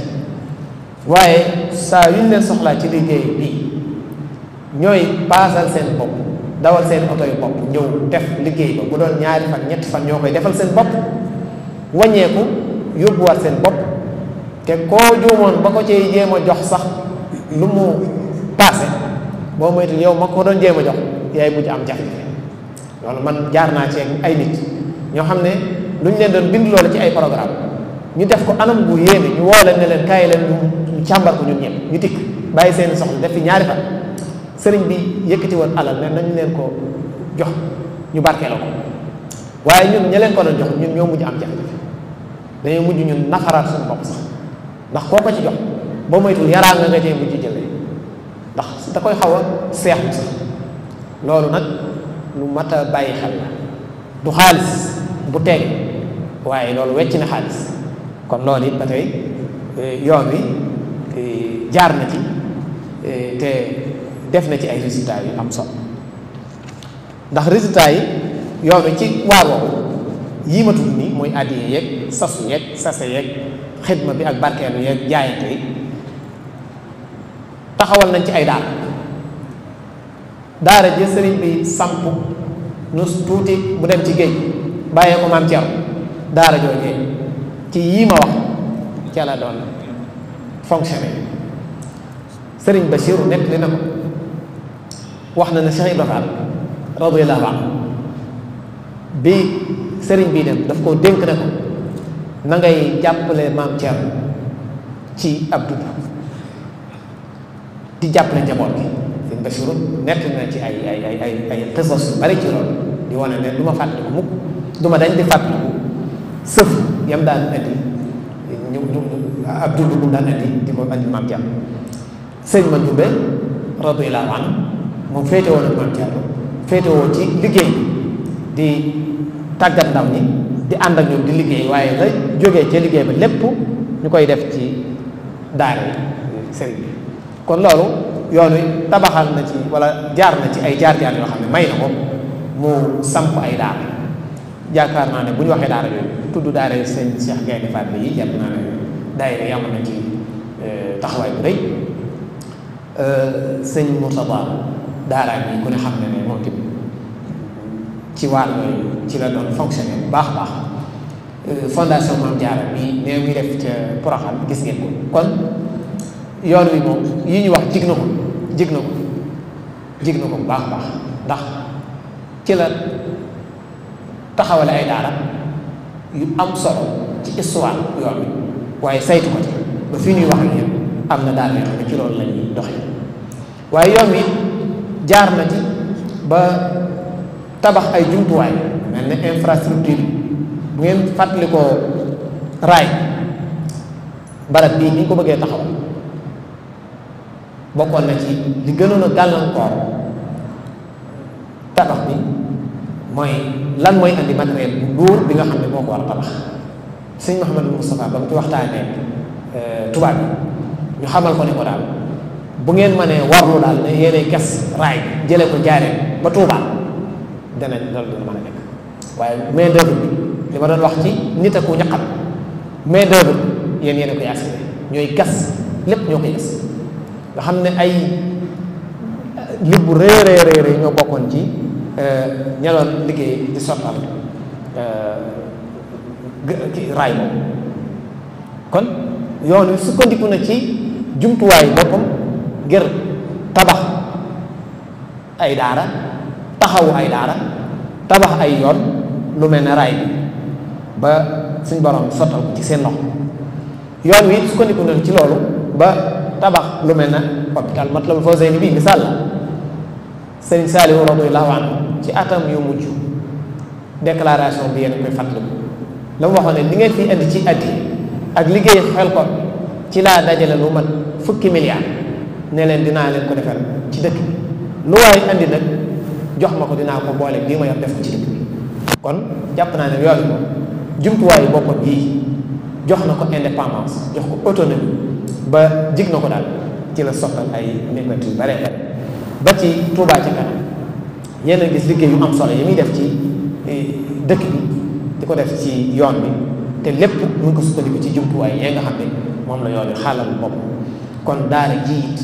waaye saa yu ñu leen soxlaa ci liggéey bi ñooy paasal seen bopp dawal seen oto yu bopp ñëw def liggéey ba bu doon ñaari fan ñetti fan ñoo koy defal seen bopp wàññeeku yóbbuwaat seen bopp te koo juumoon ba ko cee jéem a jox sax lu mu paase boo moytul yow ma ko doon jéem a jox yaay bu ci am jafe-jafe loolu man jaar naa ci ay nit ñoo xam ne lu ñu leen doon bind loolu ci ay programme ñu def ko anam gu yéeme ñu woo leen ne leen kaay leen ñu càmbar ko ñun ñëpp ñu dikk bàyyi seen soxla def fi ñaari fan sëriñ bi yëkkati woon alal ne nañ leen ko jox ñu barkeeloo waaye ñun ña ko doon jox ñun ñoo mujj am jafe-jafe mujj ñun nafaraat suñu bopp sax ndax koo ko ci jox boo moytul yaraa nga nga cee mujj jëlee ndax da koy xaw a seexlu sax loolu nag lu mat a bàyyi xel la du xaalis bu teg waaye loolu wecc na xaalis kon loolu it ba tey e, yoon wi e, jaar na ci e, te def na ci ay résultats yu am solo ndax résultats yi yoon wi ci waar woowu yii ma tudd nii mooy addiye yeeg sasu yeeg sase yeeg xidma bi ak barkeelu yeeg jaayante yi taxawal nañ ci ay daara daara ji sëriñ bi samp nu tuuti bu dem ci géej bàyyee ko maam Thierno daara jooju ci yii ma wax ca la doon fonctionné sëriñ Bachir nekk li na ko wax na ne Cheikh Ibra Fall radiyallahu anhu bi sëriñ bii dem daf koo dénk na ko na ngay jàppale maam Thierno ci ab dugg di jàppale njaboot bi sëriñ Bachir nekk na ci ay ay ay ay ay bari ci loolu di wane ne du ma fàttaliku mukk du dañ di fàttaliku sëf yam daan andi ñu ñu ab dund bu daan andi di maam Diallo sëñ ma Ndumbe radiyallahu anhu moom féete woon ak maam Diallo féete woon ci liggéey di tàggat ndaw ñi di ànd ak ñoom di liggéey waaye la jóge ca liggéey bi lépp ñu koy def ci daara sëriñ kon loolu yoonu tabaxal na ci wala jaar na ci ay jaar-jaar yoo xam ne may na ko mu samp ay daara yaakaar naa ne bu ñu waxee daara yooyu tudd daara yi sëñ Cheikh Gaynde Fatma yi jàpp naa ne daayira yi amoon ci euh, taxawaay bu rëy euh, sëñ Mourtada daara bi ku ne xam ne ne moom tamit ci wàll ci la doon fonctionné bu baax baax euh, fondation Maam Jaara bi nee muy def ca Porokhane gis ngeen ko kon yoon wi moom yi ñu wax jig na jig na ko jig na ko bu baax baax ndax ci la taxawale ay daara yu am solo ci histoire yoon wi waaye saytu ko ci ba fi ñuy wax ak am na daara xam ne ci loolu lañuy doxee waaye yoon jaar na ci ba tabax ay jumtuwaay mel ne infrastructure bu ngeen fàttali ko raay barab bii ni ko bëggee taxaw bokkoon na ci li gënoon a gàllankoor tabax bi mooy lan mooy andi matériel bu buur bi nga xam ne moo ko war a tabax sëñ Mouhamadou Moustapha ba mu ci waxtaanee euh, tubaab bi ñu xamal ko ne ko daal bu ngeen mënee warlu daal ne yéenay kes raay jële ko jaaree ba Touba danañ loolu dina mën a nekk waaye main d'œuvre bi li ma doon wax ci nit ak ku ñaqam main d'œuvre bi yéen yéen a ñooy gas lépp ñoo koy gas nga xam ne ay li bu rëy ñoo bokkoon ci. Euh, ña liggéey di sottal euh, raay kon yoon wi sukkandiku na ci jumtuwaay boppam ngir tabax ay daara taxawu ay daara tabax ay yoon lu mel ne raay bi ba suñ borom sottal ci seen loxo yoon wi sukkandiku na ci loolu ba tabax lu mel na hôpital Matlaboul Fawzayni bii misaal la Sëriñ Saaliw radiyallaahu anhu ci atam yu mujj déclaration bi yéen koy fàttaliku la mu waxoon ne li ngeen fi indi ci at yi ak liggéey xel ko ci laa dajale lu ma fukki milliards ne leen dinaa leen ko defal ci dëkk lu waay indi nag jox ma ko dinaa ko boole lii ma yor def ko ci dëkk kon jàpp naa ne yooyu moom jumtuwaayu boppam yii jox na ko indépendance jox ko autonomie ba jig na ko daal ci la sottal ay mbir yu bare bare ba ci Tuubaa ci kanam ñeen a gis liggéey yu am solo yi muy def ci eh, dëkk bi di ko def ci yoon bi te lépp mu ngi ko ci jumtuwaay yee nga xam ne moom la yoon bi xaalal bopp kon daara ji it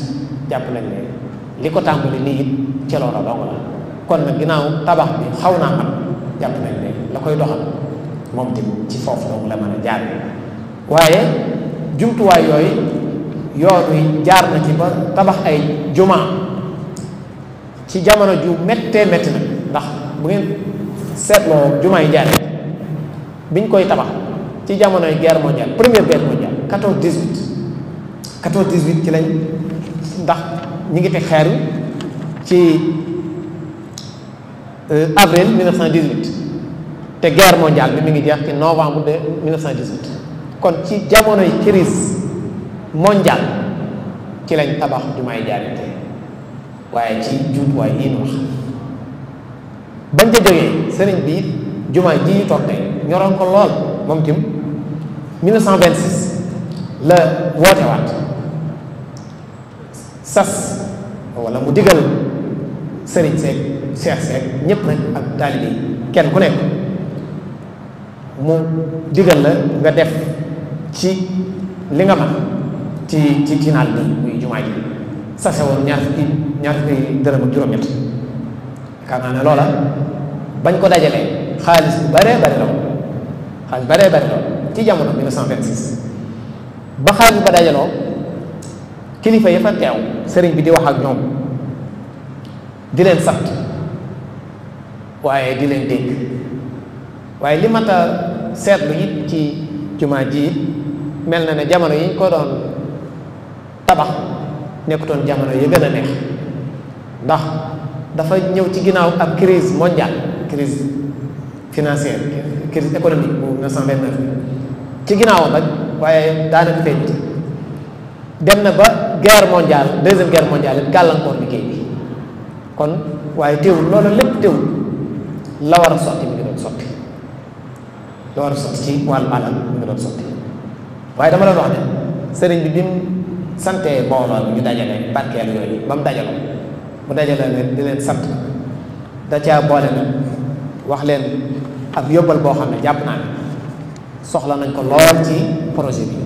jàpp nañ ne li ko tàmbali nii it ci loola dong la kon nag ginnaaw tabax bi xaw naa am jàpp nañ ne la koy doxal moom tim ci foofu dong la mën a jaar waaye jumtuwaay yooyu yoon wi jaar na ci ba tabax ay jumaa ci jamono ju méttee métti na ndax bu ngeen seetloo jumaay jaare biñ koy tabax ci jamonoy guerre mondiale première guerre mondiale 14 18 14 18 ci lañ ndax ñi ngi teg xeer wi ci euh, avril 1918 te guerre mondiale bi mi ngi jeex ci novembre de 1918 kon ci jamonoy crise mondiale ci lañ tabax jumaay jaare waaye ci jumtuwaay yi ñu wax bañ ca jógee sëriñ bi jumaa ji ñu toog tey ñoroon ko lool moom tim la woote waat sas wala mu digal sëriñ seeg seex seeg ñépp rek ak taalibe kenn ku nekk mu digal la nga def ci li nga man ci ci ci naal muy jumaa ji sase woon ñaar fukki ñaar fukki dërëm ak juróom-ñett yaakaar naa ne loola bañ ko dajalee xaalis bu baree bari la xaalis baree bari la ci jamono 1926 ba xaalis ba dajaloo kilifa yi fa teew sëriñ bi di wax ak ñoom di leen sant waaye di leen dégg waaye li mat a seetlu it ci jumaa ji mel na ne jamono yi ñu ko doon tabax nekkutoon jamono yi gën a neex ndax dafa ñëw ci ginnaaw ab crise mondiale crise financière crise économique bu 1929 ci ginnaawam rek waaye daanaka feeñ dem na ba guerre mondiale deuxième guerre mondiale it gàllankoor liggéey bi kon waaye teewul loolu lépp teewul la war a sotti mi ngi doon sotti la war a sotti ci wàllu alal mi ngi doon sotti waaye dama doon wax ne sëriñ bi bi mu santee mbooloo bi ñu dajale barkeel yooyu ba mu dajaloo mu dajale leen di leen sant da caa boole nag wax leen ab yóbbal boo xam ne jàpp naa ne soxla nañ ko lool ci projet bi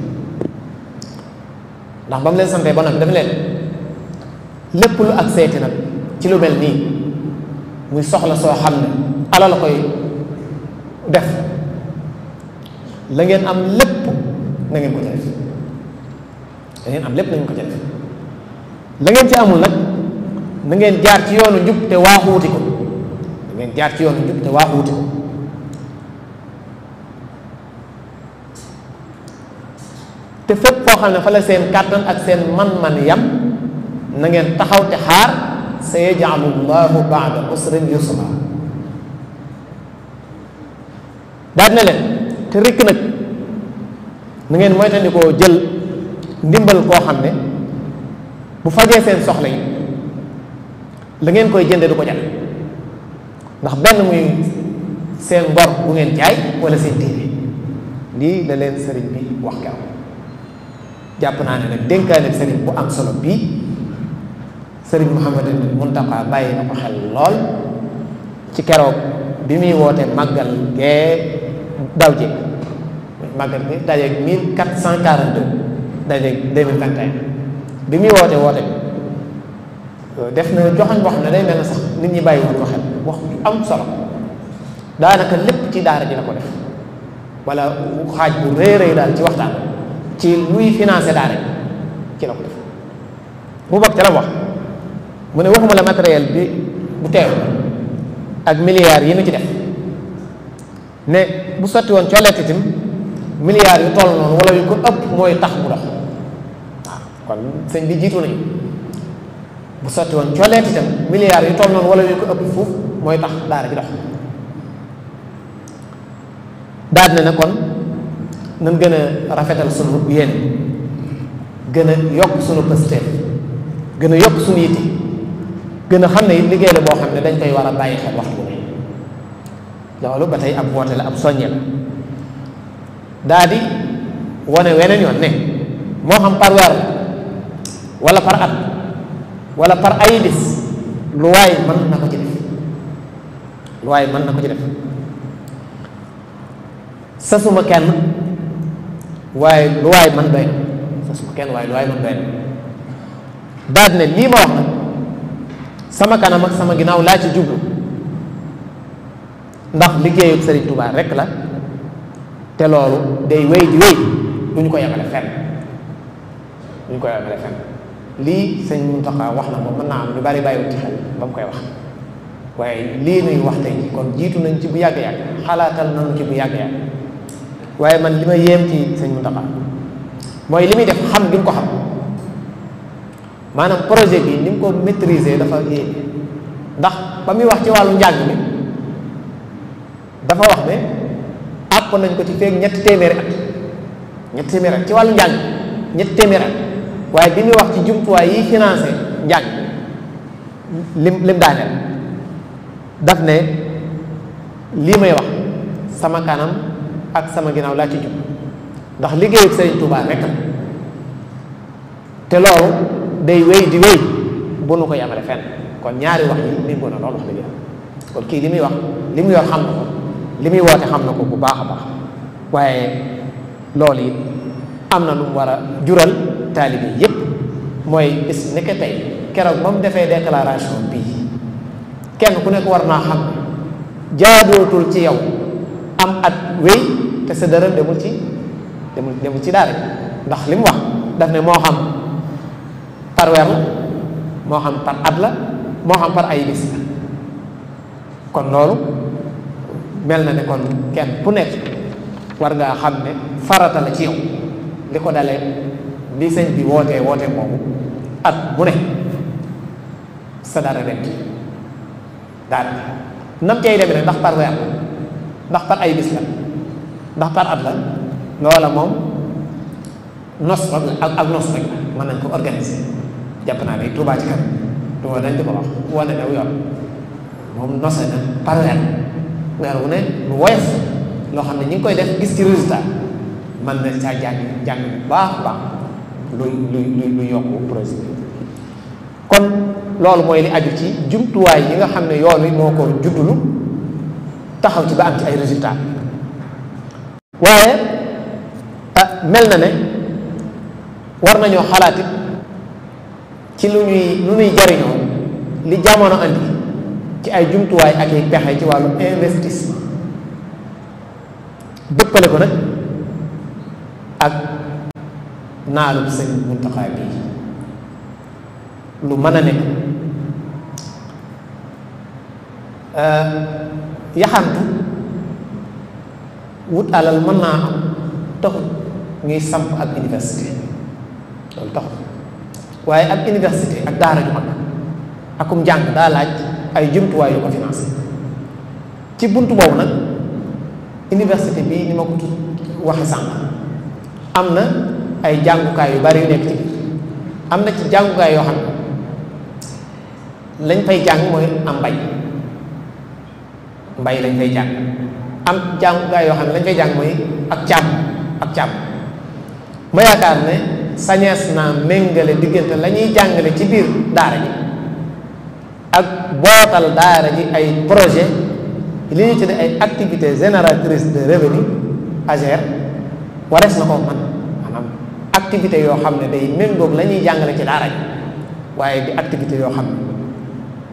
ndax ba mu leen santee ba nag daf leen lépp lu ak seeti nag ci lu muy soxla soo xam ne ala la koy def la ngeen am lépp na ngeen ko ca la ngeen am lépp na ngeen ko ca def la ngeen ci amul nag na ngeen jaar ci yoonu njub te waaxuuti ko jaar ci yoonu njub te waaxuuti ko te fépp foo xam ne fa la seen kàttan ak seen man-man yam na ngeen taxaw te xaar sa yajaalu llahu baada usrin yusra daal ne leen te rikk nag na ngeen moytandikoo jël ndimbal koo xam ne bu fajee seen soxla yi la ngeen koy jënde du ko jar ndax benn muy seen ngor bu ngeen jaay wala seen diine lii la leen sëriñ bi wax keroog jàpp naa ne nag dénkaane sëriñ bu am solo bii sëriñ Muhammadul Muntaqa bàyyi na ko xel lool ci keroog bi muy woote màggal gee daaw jéeg màggal gi dajeeg mille quatre cent quarante deux dajeeg deux mille vingt et bi muy woote woote def na joxoñ boo xam ne day mel na sax nit ñi bàyyi wuñ ko xel wax am solo daanaka lépp ci daara ji la ko def wala xaaj bu rëy rëy daal ci waxtaan ci luy financé daara ji ci la ko def bu bokk ci la wax mu ne waxuma la matériel bi bu teew ak milliards yi nu ci def ne bu sotti woon colleet itam milliards yu toll noonu wala yu ko ëpp mooy tax bu dox waaw kon sëñ bi jiitu nañu bu sotti woon cooleet itam milliards yu toll noonu wala yu ko ëpp fuuf mooy tax daara ji dox daal ne na kon nan gën a rafetal sunu yéen gën a yokk sunu pësteel gën a yokk sunu yitte gën a xam ne it liggéey la boo xam ne dañ koy war a bàyyi xel waxtu bi loolu ba tey ab woote la ab soññe la daa di wane weneen yoon ne moo xam par weer la wala par at wala par ay bis lu waay mën na ko ci def lu waay mën na ko ci def sasuma kenn waaye lu waay mën doy na sasuma kenn waaye lu waay mën doy na daal ne lii ma wax nag sama kanam ak sama ginnaaw laa ci jublu ndax liggéeyub Sëriñ Tuubaa rekk la te loolu day wéy di wéy du ñu ko yemale fenn du ñu ko yemale fenn lii sëñ Muntaxa wax na moom mën naa am ñu bari bàyyiwut ci xel ba mu koy wax waaye lii nuy wax tey kon jiitu nañ ci bu yàgg yàgg xalaatal nañu ci bu yàgg yàgg waaye man li ma yéem ci sëñ Muntaxa mooy li muy def xam gi mu ko xam maanaam projet bi ni mu ko maîtriser dafa yéem ndax ba muy wax ci wàllu njàng mi dafa wax ne àpp nañ ko ci feeg ñetti téeméer at ñetti téeméeri at ci wàllu njàng ñetti téeméeri at waaye bi muy wax ci jumtuwaay yi financé njàng lim lim daaneel daf ne lii may wax sama kanam ak sama ginaaw laa ci jub ndax liggéeyu Sëriñ Tuubaa rekk la te loolu day wey di wéy bu nu ko yamale fenn kon ñaari wax yi mi ngoon a loolu wax dëgg kon kii li muy wax li muy yor xam na ko li muy woote xam na ko bu baax a baax waaye loolu yi am na lu war a jural taalibe yépp mooy bis ni ko keroog ba mu defee déclaration bii kenn ku nekk war naa xam jaadootul ci yow am at wéy te sa dërëm demul ci demul demul ci daara ndax li mu wax daf ne moo xam par weer moo xam par at la moo xam par ay bis la kon loolu mel na ne kon kenn ku nekk war ngaa xam ne farata la ci yow li ko dalee li sëñ bi wootee woote moomu at bu ne sa dara dem ci daal nam cay demee nag ndax par weer ndax par ay bis la ndax par at la loola moom nos ak ak nos rek mën nañ ko organiser jàpp naa ne Touba ci kan Touba dañ di ko wax wane na yoon moom nose na par weer weer wu ne lu woyof loo xam ne ñu ngi koy def gis ci résultat mën na saa jàng jàng bu baax baax lu lu lu yokku projet bi kon loolu mooy li aju ci jumtuwaay yi nga xam ne yoon wi moo ko juddulu taxaw ci ba am ci ay résultat waaye ah, mel na ne war nañoo xalaat it ci lu ñuy lu ñuy jariñoo li jamono andi ci ay jumtuwaay ak ay pexe ci wàllu investissement dëppale ko nag ak naalub sëñ Muntaxaa bi lu mën a nekk euh, yaxantu wut alal mën naa am taxut ñuy samp ak université loolu tox waaye ak université ak daara ju mag akum njàng daa ay jumtuwaay yu ko financé ci buntu boobu nag université bi ni ma ko waxe sànq am na ay jàngukaay yu bari yu nekk ci am na ci jàngukaay yoo xam ne lañ fay jàng mooy am mbay mbay lañ fay jàng am jàngukaay yoo xam ne lañ fay jàng mooy ak càmm ak càmm ma yaakaar ne sañees naa méngale diggante la ñuy jàngale ci biir daara ji ak bootal daara ji ay projet li ñuy tuddee ay activités génératrices de revenu AGR warees na ko man activité yoo xam ne day méngoog la ñuy jàngale ci daara waaye di activité yoo xam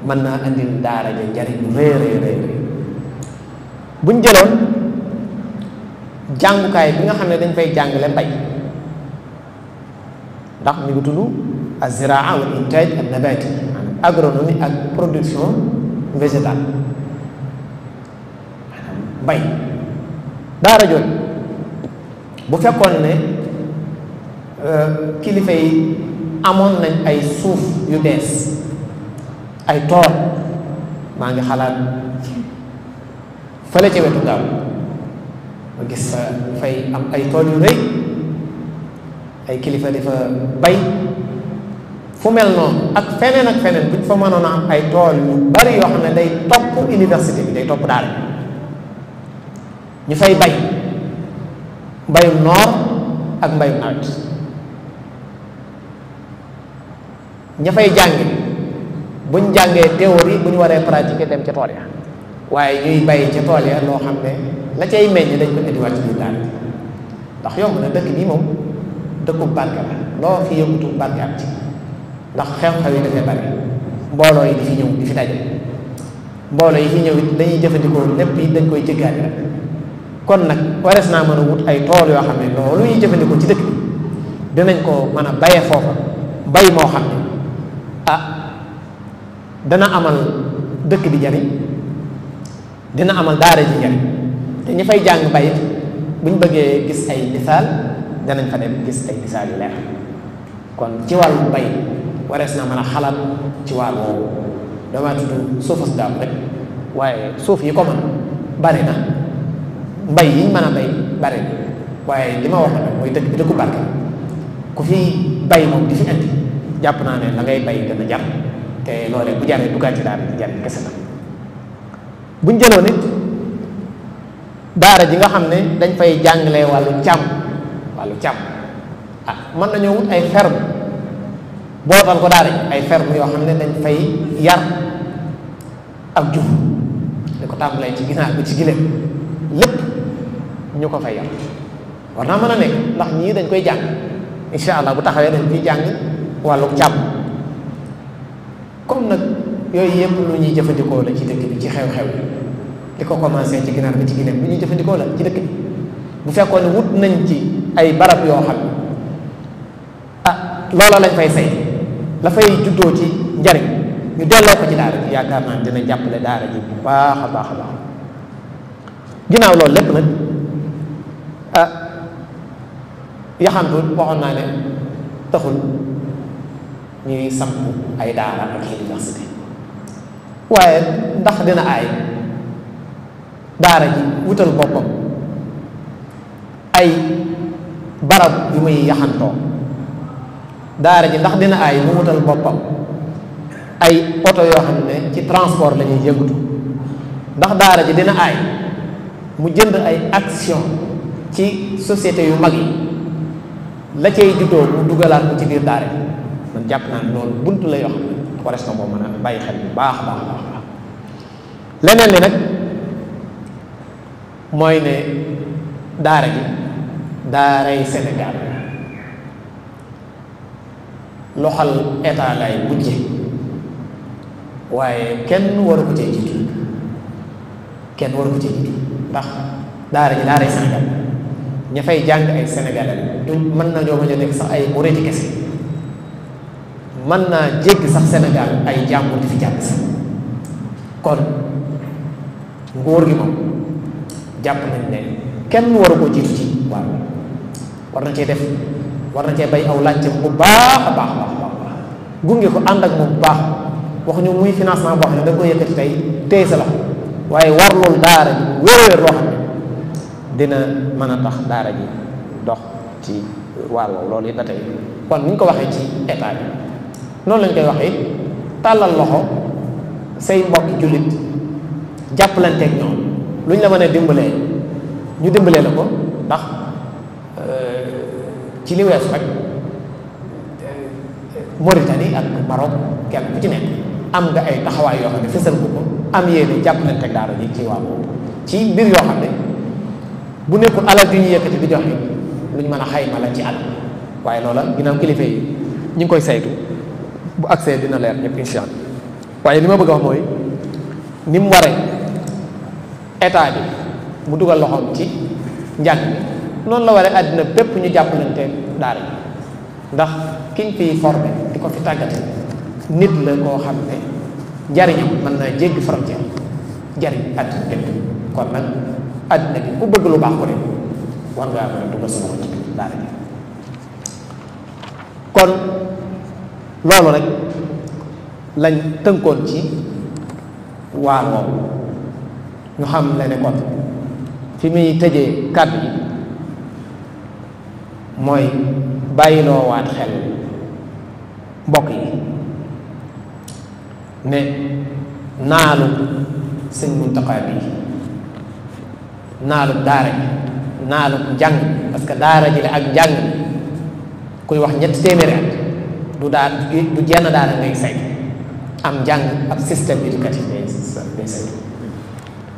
ne naa andil daara ja njariñ lu rëy rëy buñ jëloon jàngukaay bi nga xam ne dañ fay jàngale mbay ndax mi ngi tudd aziraa wal intaaj ak nabaati agronomie ak production végétale mbay daara jooju bu fekkoon ne Euh, kilifa yi amoon nañ ay suuf yu bees ay tool maa ngi xalaat fële ca wetu gaaw ma gis fa fay am ay tool yu rëy ay kilifa di fa bay fu mel noonu ak feneen ak feneen buñ fa mënoon a am ay tool yu bari yoo xam ne day topp université bi day topp daal ñu fay bay mbayum noor ak mbayum nawet ña fay jàngi buñ jàngee yi bu ñu waree pratiquer dem ca tool ya waaye ñuy bàyyi ci tool ya loo xam ne la cay meññ dañ ko ndax yomb na dëkk bi moom dëkkub barke la loo fi yëngatu barke am ci ndax xew-xew yi dafay bari mbooloo yi di fi ñëw di fi daje mbooloo yi fi ñëw dañuy jëfandikoo lépp yi dañ koy jëggaani rek kon nag warees naa mën a wut ay tool yoo xam ne loolu ñuy jëfandikoo ci dëkk bi dinañ ko mën a bayee foofu bay moo xam ah dana amal dëkk bi jariñ dina amal daara ji jariñ te ñi fay jàng bayit bu ñu bëggee gis ay misaal danañ fa dem gis ay misaal yu leer kon ci wàllu bay warees na mën a xalaat ci wàll woowu damaa tudd suufas daam rek waaye suuf yi ko mën bari mbay yi ñu mën a bay bari na waaye li ma wax nag mooy dëkk bi dëkku barke ku fi bay moom di fi andi jàpp naa ne la ngay bay dana jar te loolee bu jaree duggaat ci daara ji jar kese la buñ jëloo nit daara ji nga xam ne dañ fay jàngale wàllu càmm wàllu càmm ah mën nañoo wut ay ferme bootal ko daara ji ay ferme yoo xam ne dañ fay yar ak jur di ko tàmbalee ci ginaar bi ci gileem lépp ñu ko fay yar war naa mën a nekk ndax ñii dañ koy jàng incha allah bu taxawee dañ fiy jàng wàllu jàpp comme nag yooyu yëpp lu ñuy jëfandikoo la ci dëkk bi ci xew-xew li ko commencé ci ginaar bi ci gineem lu ñuy jëfandikoo la ci dëkk bi bu fekkoon ne wut nañ ci ay barab yoo xam ah loola lañ fay say la fay juddoo ci njariñ ñu delloo ko ci daara ji yaakaar naa dina jàppale daara ji baax a baax a baax ginnaaw loolu lépp nag ah yaxantu waxoon naa ne taxul ñuy samp ay daara ak université waaye ndax dina aay daara ji wutal boppam ay barab yu muy yaxantoo daara ji ndax dina aay mu wutal boppam ay oto yoo xam ne ci transport lañuy ñuy ndax daara ji dina aay mu jënd ay action ci société yu mag yi la cay juddoo mu dugalaat ko ci biir daara ji jàpp naa ne loolu buntu la yoo xam ne wares na koo mën a bàyyi xel bu baax baax baax leneen li nag mooy ne daara gi daaray Sénégal loxal état lay bujje waaye kenn waru ko cee jiitu kenn waru ko cee jiitu ndax daara ji daaray Sénégal ña fay jàng ay sénégalais mën nañoo ma nekk sax ay muréti kese mën naa jéggi sax Sénégal ay jàmbur di fi jàng si kon nguur gi moom jàpp nañ ne kenn waru ko jiitu ci waaw war na cee def war na cee bay aw laajte bu baax a baax baax baax gunge ko ànd ak moom bu baax wax ñu muy financement boo xam ne da nga koy yëkkati tey téy sa loxo waaye war loolu daara ji wér-wér loo xam ne dina mën a tax daara ji dox ci wàll loolu it ba tey kon ni ñu ko waxee ci état bi noonu lañ koy wax waxee tàllal loxo say mbokk jullit jàppalanteeg ñoom lu ñu la mën a dimbalee ñu dimbalee la ko ndax euh, ci li weesu rek euh, Mauritanie ak Maroc kenn ku nekk am nga ay taxawaay yoo xam ne fësal ko ko am yéene jàppalanteeg daara ji ci waa ci mbir yoo xam ne bu nekkul alal di ñu yëkkati di joxe lu ñu mën a xayma la ci àll waaye loola ginnaaw kilifa yi ñu ngi koy saytu. bu accès dina leer ñëpp incha allah waaye li ma bëgg a wax mooy ni mu waree état bi mu dugal loxoom ci njàng mi noonu la waree àddina bépp ñu jàppalante daara ndax kiñ fiy formé di ko fi tàggate nit la koo xam ne njariñam mën naa jéggi frontière njariñ àddina bépp kon nag àddina bi ku bëgg lu baax ko ne war ngaa mën a dugal sa loxo ci kon loolu rek lañ tënkoon ci waar woowu ñu xam la ne kon fi muy tëjee kàddu yi mooy bàyyiloo waat xel mbokk yi ne naalu sëñ Muntaxa bi naalu daara ji naalu njàng parce que daara ji la ak njàng kuy wax ñetti téeméeri du daal du jenn daara ngay saytu am njàng ak système éducatif day saytu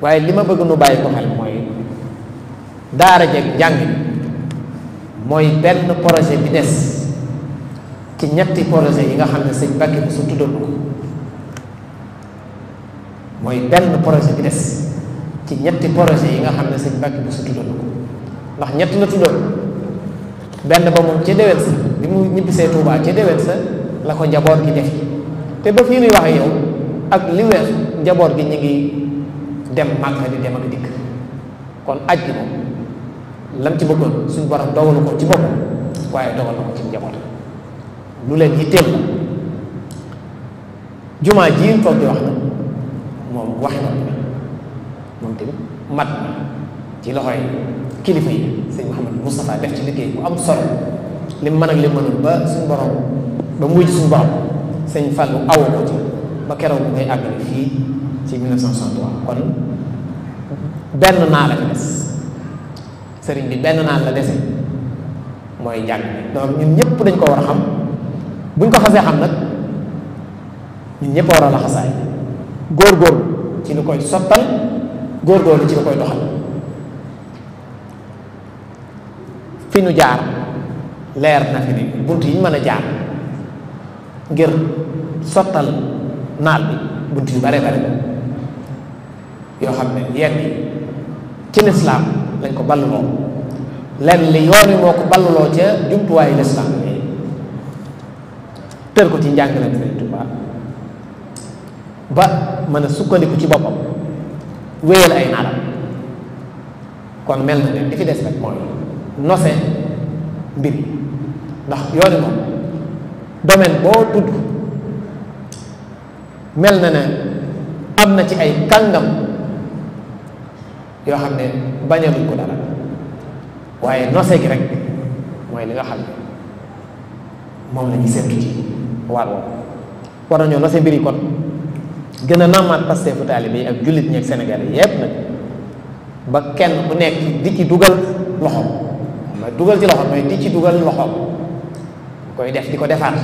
waaye li ma bëgg nu bàyyi ko xel mooy daara jeeg njàng mooy benn projet bi des ci ñetti projet yi nga xam ne sëñ Mbàkke bu su tuddal ko mooy benn projet bi des ci ñetti projet yi nga xam ne sëñ Mbàkke bu su tuddal ko ndax ñett la tuddal benn ba moom ca déwén sa bi mu ñibbisee Touba ca déwén sa la ko njaboot gi def te ba fii nuy wax yow ak li weesu njaboot gi ñu ngi dem Màkka di dem ak dikk kon aj gi moom lam ci bëggoon suñ borom dogalu ko ci bopp waaye dogal na ko ci njaboot lu leen yitteel ji toog di wax na ci loxo yi kilifa yi sëñ Mouhamadou Moustapha def ci liggéey bu am solo li mën ak li mënul ba suñu borom ba mujj suñu borom sëñ Fallou awu ko ci ba keroog bu ngay àggale fii ci 1963 kon benn naa la ci des bi benn naan la dese mooy njàng donc ñun ñëpp dañ ko war a xam buñ ko xasee xam nag ñun ñëpp war a la xasaay góorgóorlu ci lu koy sottal góorgóorlu ci lu koy doxal fi ñu jaar leer na fi ni bunt yi ñu mën a jaar ngir sottal naal bi bunt yu bare bare yoo xam ne yenn ci lislaam lañ ko balluloo lenn li yoon wi moo ko balluloo ca jumtuwaayu lislaam bi tër ko ci njàngale Sëriñ Tuubaa ba mën a sukkandiku ci boppam wéyal ay naalam kon mel na ne li fi des rek mooy nose mbir ndax yooni moom domaine boo tudd mel na ne am na ci ay kàngam yoo xam ne bañaluñ ko dara waaye nose gi rek mooy li nga xam ne moom la ñu ci wàll woowu war nañoo nose mbir yi kon gën a nàmmaat paste fu taalibe yi ak jullit ñi ak Sénégal yi yépp nag ba kenn ku nekk di ci dugal loxo dugal ci loxo mooy di ci dugal loxo koy def di ko defaat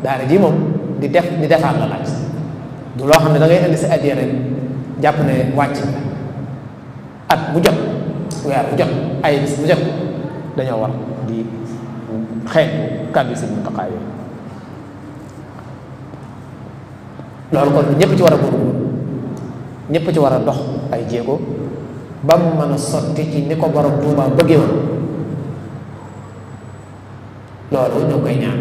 daara ji moom di def di defaat la laaj du loo xam ne dangay ngay indi sa addiya rek jàpp ne wàcc la at bu jot weer bu jot ay bis bu jot dañoo war di xeeñ kàddu si mun taqaay ñëpp ci war a ci war a ay jéego ba mu man a sotti ci ni ko borom Tuubaa bëggee woon loolu ñoo koy ñaan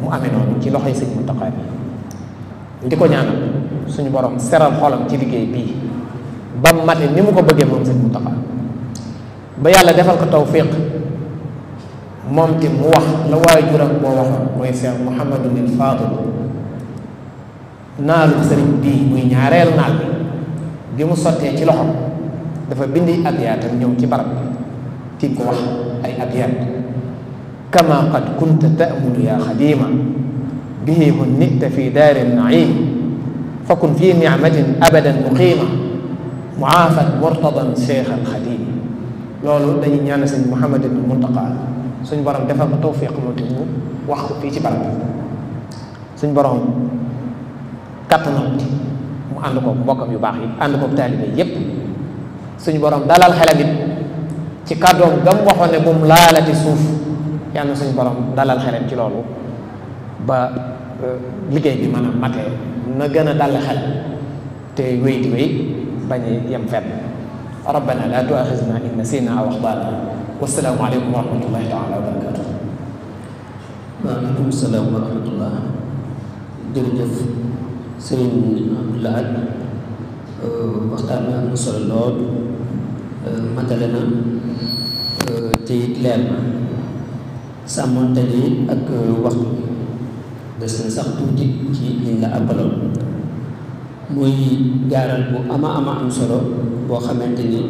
mu amee noonu ci loxoy sëñ Muntaxa bi di ko ñaanal suñu borom seral xolam ci liggéey bii ba mu mate ni mu ko bëggee moom sëñ Muntaxa ba yàlla defal ko tawfiq moom te mu wax la waaye juram boo waxoon mooy Seex Muhammadul Faadil naalu sëriñ bii muy ñaareel naal bi mu sottee ci loxo dafa bind bindi abiyatam ñëw ci barab bi tiim ko wax ay abiyaat kama qad kunta ta'mulu ya xadima bihi hunnita fi daari naim fakun fi nicmatin abadan muqima muaafan murtadan cheikh alxadim loolu dañuy ñaan sëñ Muhammad ibn Muntaqa suñ borom defal ko tawfiq mu mu wax ko fii ci barab bi suñ borom kattanal ci mu ànd ko mbokkam yu baax yi ànd ko taalibe yépp suñ borom dalal xelam it ci kàddoom gam waxoon ne bu mu suuf yàlla suñu borom dalal xelam ci loolu ba euh, liggéey bi maanaam matee na a dal xel te wéy di wéy bañ yem fenn rabbana la tuaxisna in nasina aw axdana wasalaamu aleykum wa rahmatullahi taala wa barakatu waaleykum salaam wa rahmatullah jërëjëf sëriñ Abdou Lahad te it leer na sàmmonte li ak euh, waxtu bi des na sax tuuti ci liñ la muy jaaral bu ama ama am solo boo xamante ni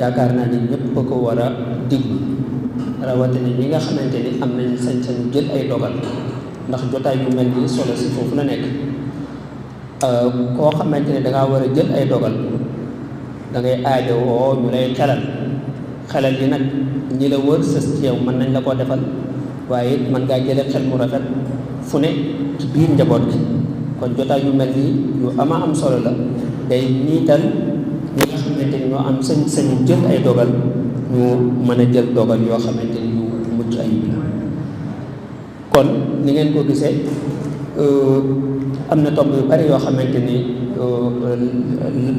yaakaar naa ni ñëpp ko war a diglu rawatina ñi nga xamante ni am nañ sañ-sañ jël ay dogal ndax jotaay yu mel ni solo si foofu la nekk euh, koo xamante ni dangaa war a jël ay dogal da ngay aajowoo ñu lay xelal xelal yi nag ñi la wër sës ci yow mën nañ la koo defal waaye it mën ngaa jëlee xel mu rafet fu ne ci biir njaboot bi kon jotaay yu mel nii yu ama am solo la day niital ñi nga xamante ni ñoo am sañ sañu jël ay dogal ñu mën a jël dogal yoo xamante ni ñu mucc ayib la kon ni ngeen ko gisee euh, am na tomb yu bari yoo xamante ni euh,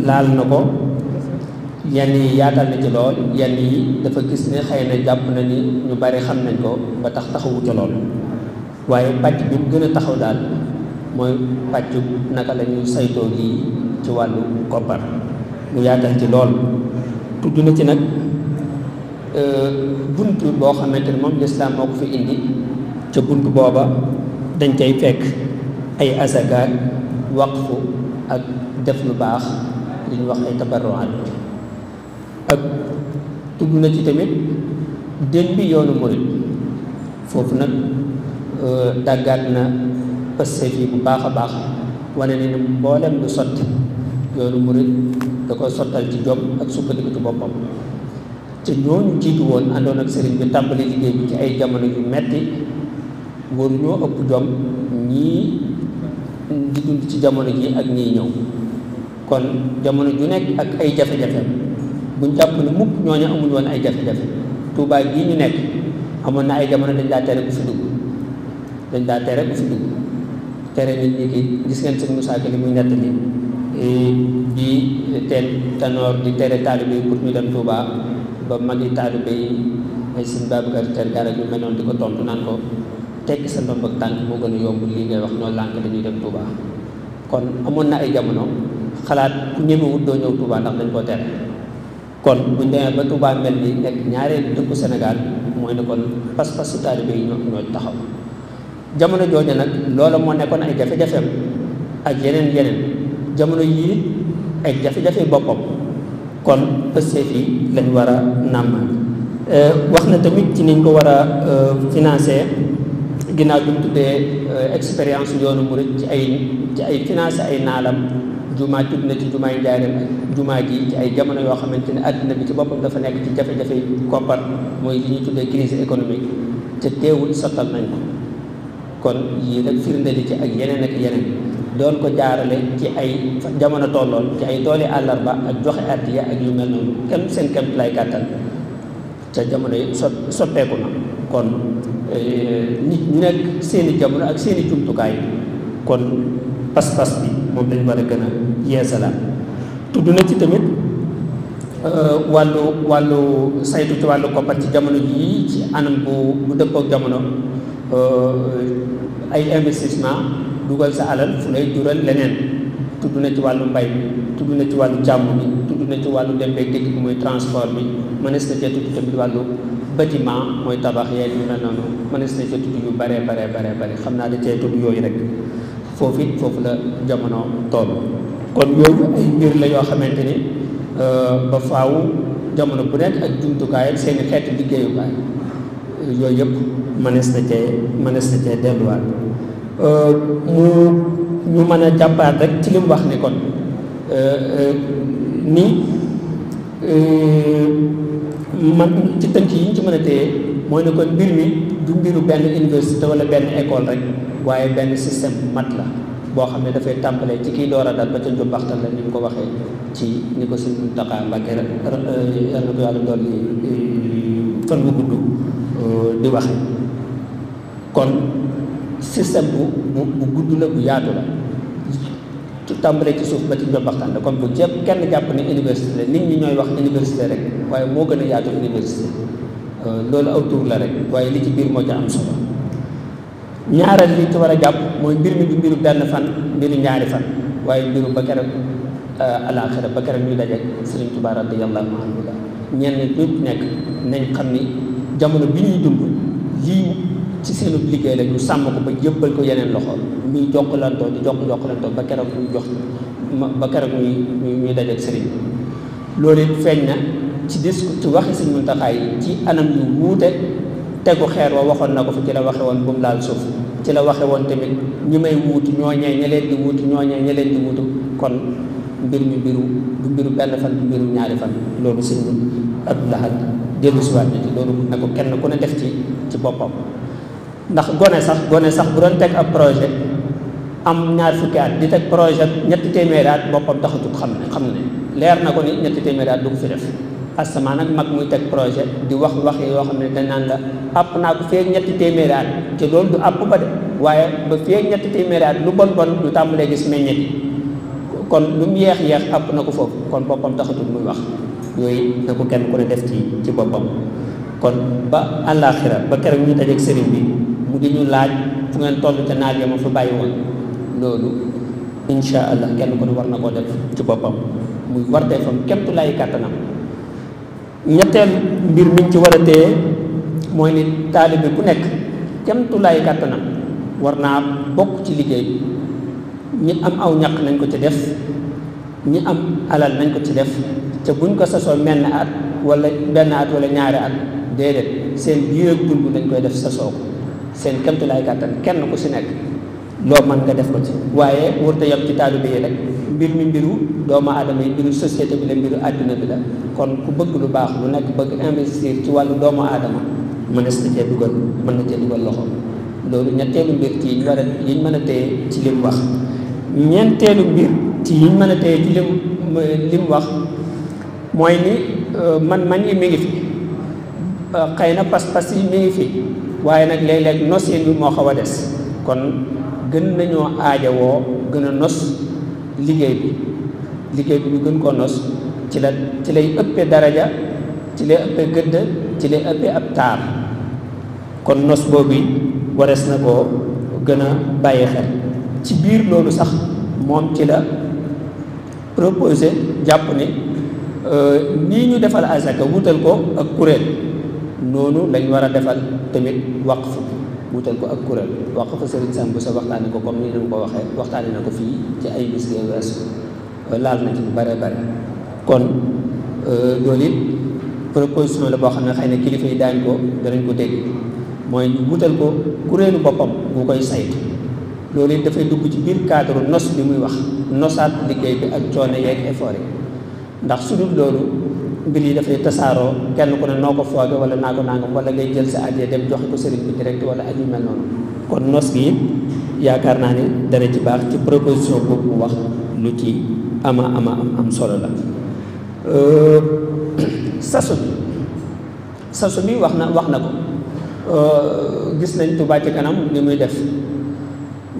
laal na ko yenn yi yaatal na ci lool yenn yi dafa gis ne xëy na jàpp na ni ñu bari xam nañ ko ba tax taxawu ci lool waaye pàcc bi mu gën a taxaw daal mooy pàcc naka la saytoo lii ci wàllu koppar mu yaatal ci lool tudd na ci nag euh, bunt boo xamante ne moom lislaam moo ko fi indi ca bunt booba dañ cay fekk ay asaka waqfu ak def lu baax li ñu wax ay tabarruat ak tudd na ci tamit dén bi yoonu murit foofu nag euh, dàggaat na pësse fii bu baax a baax wane ne mboolem lu sotti yoonu murit da ko sottal ci jom ak sukkandiku ci boppam te ñooñu jiitu woon àndoon ak sëriñ bi tàmbali liggéey bi ci ay jamono yu metti waruñoo ëpp jom ñii di dund ci jamono ji ak ñiy ñëw kon jamono ju nekk ak ay jafe-jafe buñ jàpp ne mukk ñooñu amul woon ay jafe-jafe Touba gii ñu nekk amoon na ay jamono dañ daa tere ku fi dugg dañ daa tere ku fi dugg tere nit ñi ki gis ngeen sëñ Moussa Ka li muy nett ni di teen tanoor di tere taalibe yi pour ñu dem Touba ba mag yi taalibe yi ay sëñ Babacar ter gara yu mel noonu di ko tontu naan ko tekki sa ndomb ak tànk moo gën a yomb lii ngay wax ñoo lànk dañuy dem Touba kon amoon na ay jamono xalaat ku ñemewut doo ñëw Touba ndax dañ koo tere kon buñ demee ba Touba mel ni nekk ñaareelu dëkku Sénégal mooy ne kon pas-pasu taalibe yi ñoo ñoo taxaw jamono jooju nag loola moo nekkoon ay jafe-jafeem yeneen yeneen jamono yii ay jafe-jafe boppam kon pësteef yi lañ war a nàmm euh, wax na tamit ci niñ ko war a euh, financer ginnaaw bi mu tuddee euh, expérience yoonu murit ci ay ci ay financer ay naalam jumaa tudd na ci jumaa yi njaareem jumaa ji ci ay jamono yoo xamante ne àddina bi ci boppam dafa nekk ci jafe-jafe koppar mooy li ñuy tuddee crise économique te teewul sottal nañ ko kon yii nag firndali ci ak yeneen ak yeneen doon ko jaarale ci ay jamono tolloon ci ay tooli àllarba ak joxe addiya ak yu mel noonu kenn seen kem lay gàttal te jamono yi so soppeeku na kon eh, nit ñi nekk seeni jamono ak seeni jumtukaay kon pas-pas bi moom dañu war a gën a yeesalaat tudd na ci tamit euh, wàllu wàllu saytu ci wàllu koppar ci jamono jii ci anam bu bu dëppook jamono euh, ay investissement dugal sa alal fu lay jural leneen tudd na ci wàllu mbay mi tudd na ci wàllu jàmm bi tudd na ci wàllu dem beeg dëkk bi mooy transport bi mënees na cee tudd tamit wàllu mooy tabax yeeg yu mel noonu mënees na cee tudd yu bare bare bare bare xam naa da cee tudd yooyu rek foofu it foofu la jamono toll kon yooyu ay mbir la yoo xamante ni euh, ba faaw jamono bu nekk ak jumtukaay ak seen i xeetu liggéeyukaay yooyu yëpp mënees na cee mënees na cee delluwaat euh, mu ñu mën a jàppaat rek ci li wax ni kon euh, ni man ci tënk yi ñu ci mën a téye mooy ne kon mbir mi du mbiru benn université wala benn école rek waaye benn système bu mat la boo xam ne dafay tàmbalee ci kiy door a dal ba ca njubbaxtal la ni mu ko waxee ci ni ko suñu Muntaxa Mbàkke eh, yàlla ko yàlla doon eh, fan bu gudd eh, di waxe kon système bu gudd la bu yaatu la tàmbalee ci suuf ba ci njobbaxtaan la kon bu jëpp kenn jàpp ne université la nit ñi ñooy wax université rek waaye moo gën a yaatu université loolu aw tur la rek waaye li ci biir moo ca solo ñaareel bi ci war a jàpp mooy mbir mi du mbiru benn fan mbiru ñaari fan waaye mbiru ba keroog euh, alaaxira ba keroog ñu daje Sëriñ Tuubaa radiyallaahu anhu ñenn ñu nekk nañ xam ni jamono bi ñuy dund lii ci seenu liggéey la ñu sàmm ko ba yëbbal ko yeneen loxo muy jokkalantoo di jokk jokkalantoo ba keroog ñuy jox ba keroog ñuy ñuy daje sëriñ loolu it feeñ na ci discours ci waxi Sëriñ Muntaxa yi ci anam yu wuute tegu xeer wa waxoon na ko fi ci la waxe woon bu mu laal suuf ci la waxe woon tamit ñi may wuutu ñooñee ñee leen di wuutu ñooñee ña leen di wuutu kon mbir mi mbiru du mbiru benn fan du mbiru ñaari fan loolu si bi Abdou Lahad dellu siwaat na ci loolu ne ko kenn ku ne def ci ci boppam ndax gone sax gone sax bu doon teg ab projet am ñaar fukki at di teg projet ñetti téeméeri at boppam taxatut xam ne xam ne leer na ko ni ñetti téeméeraat at du ko fi def asamaan ak mag muy teg projet di wax wax yoo xam ne dañ naan la àpp naa ko fee ñetti téeméeri at te loolu du àpp ba de waaye ba fee ñetti téeméeri at lu bon bon du tàmbalee gis meññet kon lu mu yeex yeex àpp na ko foofu kon boppam taxatul muy wax yooyu na ko kenn ku ne def ci boppam kon ba àllaaxira ba keroog ñu dajeeg sëriñ bi mu di ñu laaj fu ngeen toll ca naaj ya ma fa bàyyi woon loolu incha allah kenn ku ne war na koo def ci boppam muy wartee fam képp lay ñetteel mbir miñ ci war a téye mooy ni taalibe bu nekk kemtu lay kàttanam war naa bokk ci liggéey bi ñi am aw ñaq nañ ko ci def ñi am alal nañ ko ci def te buñ ko sasoo menn at wala benn at wala ñaari at déedéet seen biir dund dañ koy def sasoo ko seen kemtu lay kàttan kenn ku si nekk loo mën nga def ko ci waaye wërta yam ci taalibe yi rek mbir mi mbiru doomu aadama yi mbiru société bi la mbiru àdduna bi la kon ku bëgg lu baax lu nekk bëgg investir ci wàllu doomu aadama mënees na cee dugal mën na cee dugal loxo loolu ñetteelu mbir ci yi war a yiñ mën a téye ci lim wax ñeenteelu mbir ci yiñ mën a téye ci lim lim wax mooy ni euh, man man yi mi ngi fi euh, xëy na pas-pas yi mi ngi fi waaye nag léeg-léeg nos yi moo xaw a des kon gën nañoo woo gën a nos liggéey bi liggéey bi ñu gën koo nos ci la ci lay ëppee daraja ci lay ëppee gëdd ci lay ëppee ab taar kon nos boobu warees na ko gën a bàyyi xel ci biir loolu sax moom ci la proposé jàpp ne euh, nii ñu defal asaka wutal ko ak kuréel noonu lañ war a defal tamit waqf wutal ko ak kuréel wax ko sa waxtaane ko comme ni ñu ko waxee waxtaane na ko fii ci ay bis yu weesu laal na ci bu bare bare kon euh, loolu it proposition boo xam ne xëy ne kilifa yi daañ ko danañ ko dégg mooy ñu wutal ko kuréelu boppam bu koy saytu loolu it dafay dugg ci biir cadre nos bi muy wax nosaat liggéey bi ak coono yeeg effort ndax su loolu mbir yi dafay tasaaroo kenn ku ne noo ko fooge wala naa ko nangam wala ngay jël sa addiya dem joxe ko sëriñ bi direct wala ak yu mel noonu kon nos gi yaakaar naa ne dana ci baax ci proposition boobu wax lu ci ama ama am solo la euh, sasu bi sasu bi wax na wax na ko euh, gis nañ Tuubaa ci kanam li muy def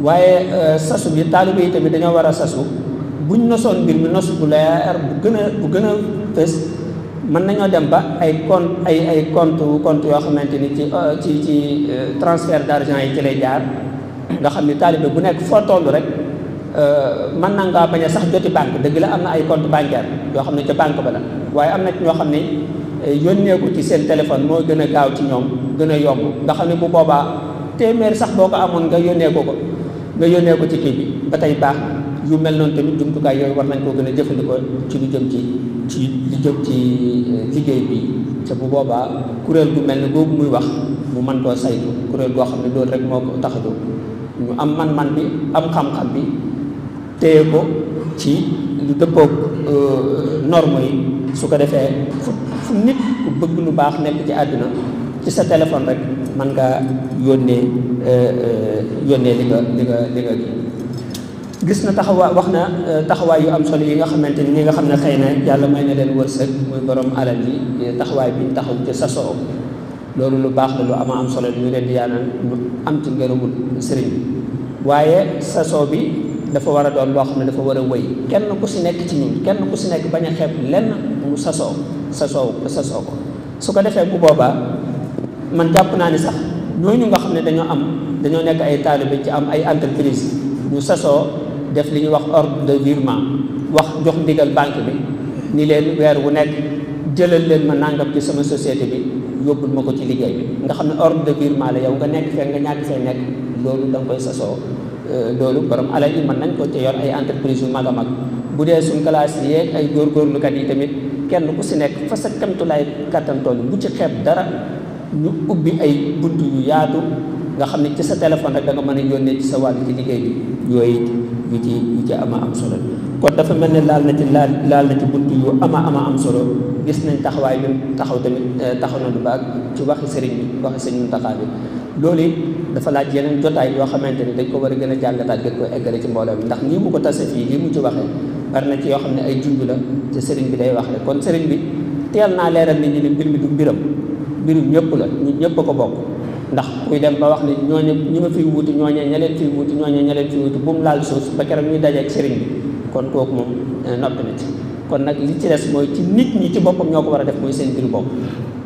waaye euh, sasu bi taalibe yi tamit dañoo war a sasu buñ nosoon mbir mi nos bu leer bu gën a bu gën a fës mën nañoo dem ba ay compte ay ay compte compte yoo xamante ni ci euh, ci ci euh, transfert d'argent yi ci lay jaar nga xam ni taalibe bu nekk foo toll rek euh, man na ngaa bañ sax joti banque dëgg la am na ay compte bancaire yoo xam ne ca banque ba la waaye am na ñoo xam ne yónnee ko ci seen téléphone moo gën a gaaw ci ñoom gën a yomb nga xam ne bu boobaa téeméer sax boo ko amoon nga yónnee ko ko nga yónnee ko ci kii bi ba tey baax yu mel noonu tamit jumtukaay yooyu war nañ koo gën a jëfandikoo ci lu jëm ci ci li jóg ci eh, liggéey bi te bu boobaa kuréel gu mel ni boobu muy wax mu mën koo saytu kuréel goo xam ne loolu rek moo ko tax a jóg ñu am man-man bi am xam-xam bi téye ko ci lu dëppoog euh, norme yi su ko defee fu nit ku bëgg lu baax nekk ci àdduna ci sa téléphone rek mën nga yónnee euh, euh, yónnee li nga li nga li nga gis na taxawaa wax na euh, taxawaay yu am solo yi nga xamante ni ñi xam ne xëy na yàlla may na leen wërsëg muy borom alal yi taxawaay bi ñu taxaw ci sasoo loolu lu baax la lu ama am solo ñu leen di yaanal ñu am ci ngërëmul sëriñ bi waaye sasoo bi dafa war a doon loo xam ne dafa war a wëy kenn ku si nekk ci ñun ku si nekk bañ a xeeb lenn mu sasoo sasoo sasoo ko su ko defee ku boobaa man jàpp naa ni sax ñooñu nga xam ne dañoo am dañoo nekk ay taalibe ci am ay entreprise ñu sasoo def li ñuy wax ordre de virement wax jox ndigal banque bi ni leen weer bu nekk jëlal leen ma nangam ci sama societé bi yóbbul ma ko ci liggéey bi nga xam ne ordre de virement la yow nga nekk fee nga ñàkk fee nekk loolu da nga koy sasoo euh, loolu borom alal yi mën nañ ko ci yor ay entreprise yu mag a mag bu dee suñ classe yi ay ay góorgóorlukat yi tamit kenn ku si nekk fa sa kamtulaay kattan tool bu ci xeeb dara ñu ubbi ay bunt yu yaatu nga xam ne ci sa téléphone rek da nga mën a yónnee ci sa wàllu ci liggéey bi yooyu yu ci yu ci ama am solo kon dafa mel ne laal na ci laal laal na ci bunt yu ama ama am solo gis nañ taxawaay bi taxaw tamit eh, taxaw na lu baax ci waxi sëriñ bi waxi sëriñ Mountakha bi loolu dafa laaj yeneen jotaay yoo xamante ni dañ ko war a gën a jàngataat gën ko eggale ci mbooloo bi ndax nii mu ko tase fii lii mu ci waxee bari na ci yoo xam ne ay junj la te sëriñ bi day wax ne kon sëriñ bi teel naa leeral nit ñi ne mbir mi du mbiram ñëpp la ñëpp ko bokk ndax kuy dem ba wax ne ñooñu ñi ma fiy wuutu ñooñee ña leen fiy wuutu ñooñee ña leen fiy wuutu bu mu laal suuf ba keroog ñuy dajeeg sëriñ bi kon kooku moom eh, noppi na ci kon nag li ci des mooy ci nit ñi ci boppam ñoo ko war a def mooy seen biir bopp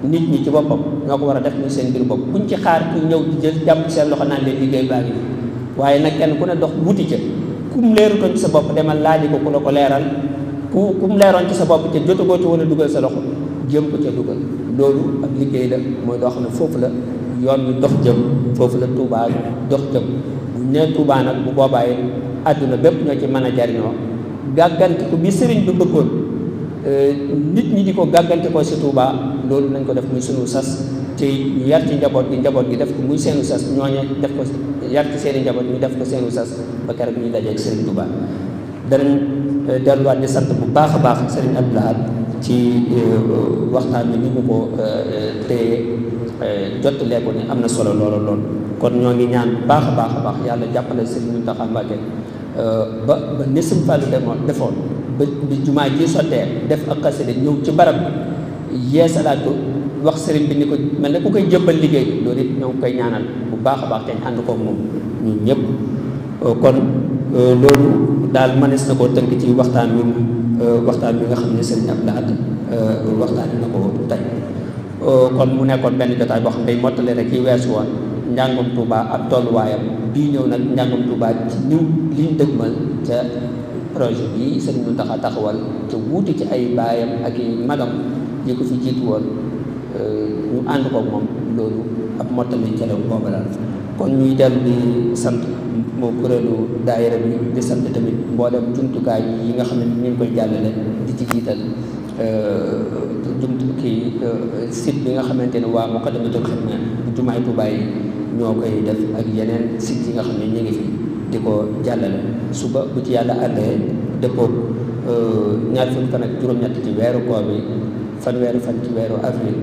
nit ñi ci boppam ñoo ko war a def mooy seen biir bopp bu ñu ci xaar ku ñëw di jël jàpp seen loxo naan leen liggéey baa ngi waaye nag kenn ku ne dox wuti ca ku mu ko ci sa bopp demal laaj ko ku la ko leeral ku ku mu leeroon ci sa bopp ca jotagoo ci woon a dugal sa loxo jëm ko ca dugal loolu ak liggéey mooy doo xam ne foofu la yoon wi dox jëm foofu la Touba dox jëm bu ñu nee Touba nag bu boobaa yi àdduna bépp ñoo ci mën a jariñoo gàggante ko bi sëriñ bi bëggoon euh, nit ñi di ko gàggante ko si tuubaa loolu nañ ko def muy sunu sas te yar ci njaboot gi njaboot gi def ko muy seenu sas ñooñu def ko si yar ci seeni njaboot ñu def ko seenu sas ba keroog ñuy dajeeg sëriñ Touba danañ euh, delluwaat di sant bu baax a baax sëriñ Abdoul Ahad ci euh, waxtaan bi ni mu ko euh, téye euh, jot leeku ni am na solo loolu lool kon ñoo ngi ñaan bu baax a baax a baax yàlla jàppale Sëriñ Muntaxa Mbàkke ba ba ni Sëriñ Fallu demoon defoon ba bi jumaa ji sottee def ak xasida ñëw ci barab bi yeesalaat ko wax sëriñ bi ni ko mel ne ku koy jëppal liggéey bi loolu it ñoo koy ñaanal bu baax a baax te ñu ànd koog moom ñun ñëpp kon loolu daal mënees na koo tënk ci waxtaan wi Euh, waxtaan bi nga xam ne sëriñ Abdou Lahad euh, waxtaan na ko tey euh, kon mu nekkoon benn jotaay boo xam day mottale rek yi weesu woon njàngum Touba ak tolluwaayam bii ñëw nag njàngum Touba ci ñëw li ñu dëgmal ca projet bii sëriñ bu tax a taxawal te wuute ci ay baayam ak i magam yi ko fi jiitu woon ñu ànd koog moom loolu ab mottale ca la boobu kon ñuy dellu di sant moo kuréelu daayira bi di sant tamit mboolem jumtukaay yi nga xam ne ñu ngi koy jàllale di ci jiital euh, jumtu kii euh, site bi nga xamante ne waa Moukhaddamatoul Khidma jumaay Tuubaa yi ñoo koy def ak yeneen site yi nga xam ne ñu ngi fi di ko jàllale ci yàlla àndee dëppoog euh, ñaar fukki fan juróom-ñett ci weeru koor bi fanweeru fan ci weeru avril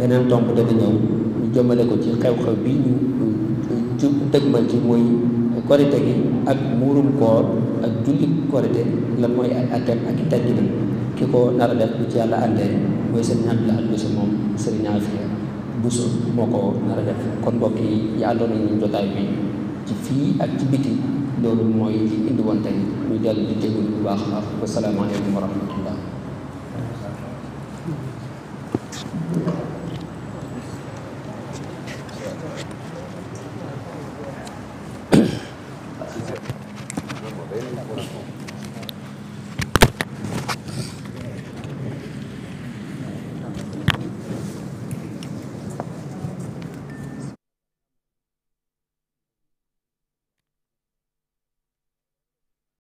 beneen tomb dana ñëw ñu ko ci xew-xew bii ñu jub ma ci muy korite gi ak muurum koor ak julli korite lan mooy ay atteem ak i teggin ki ko nar def bu ci yàlla àndee mooy sëriñ Abdoulaye Al Bousso moom sëriñ Afia Bousso moo ko nar def kon mbokk yi yàlla na ñu jotaay bi ci fii ak ci biti loolu mooy indi woon tey ñu dellu di déglu bu baax a baax wasalaamaaleykum wa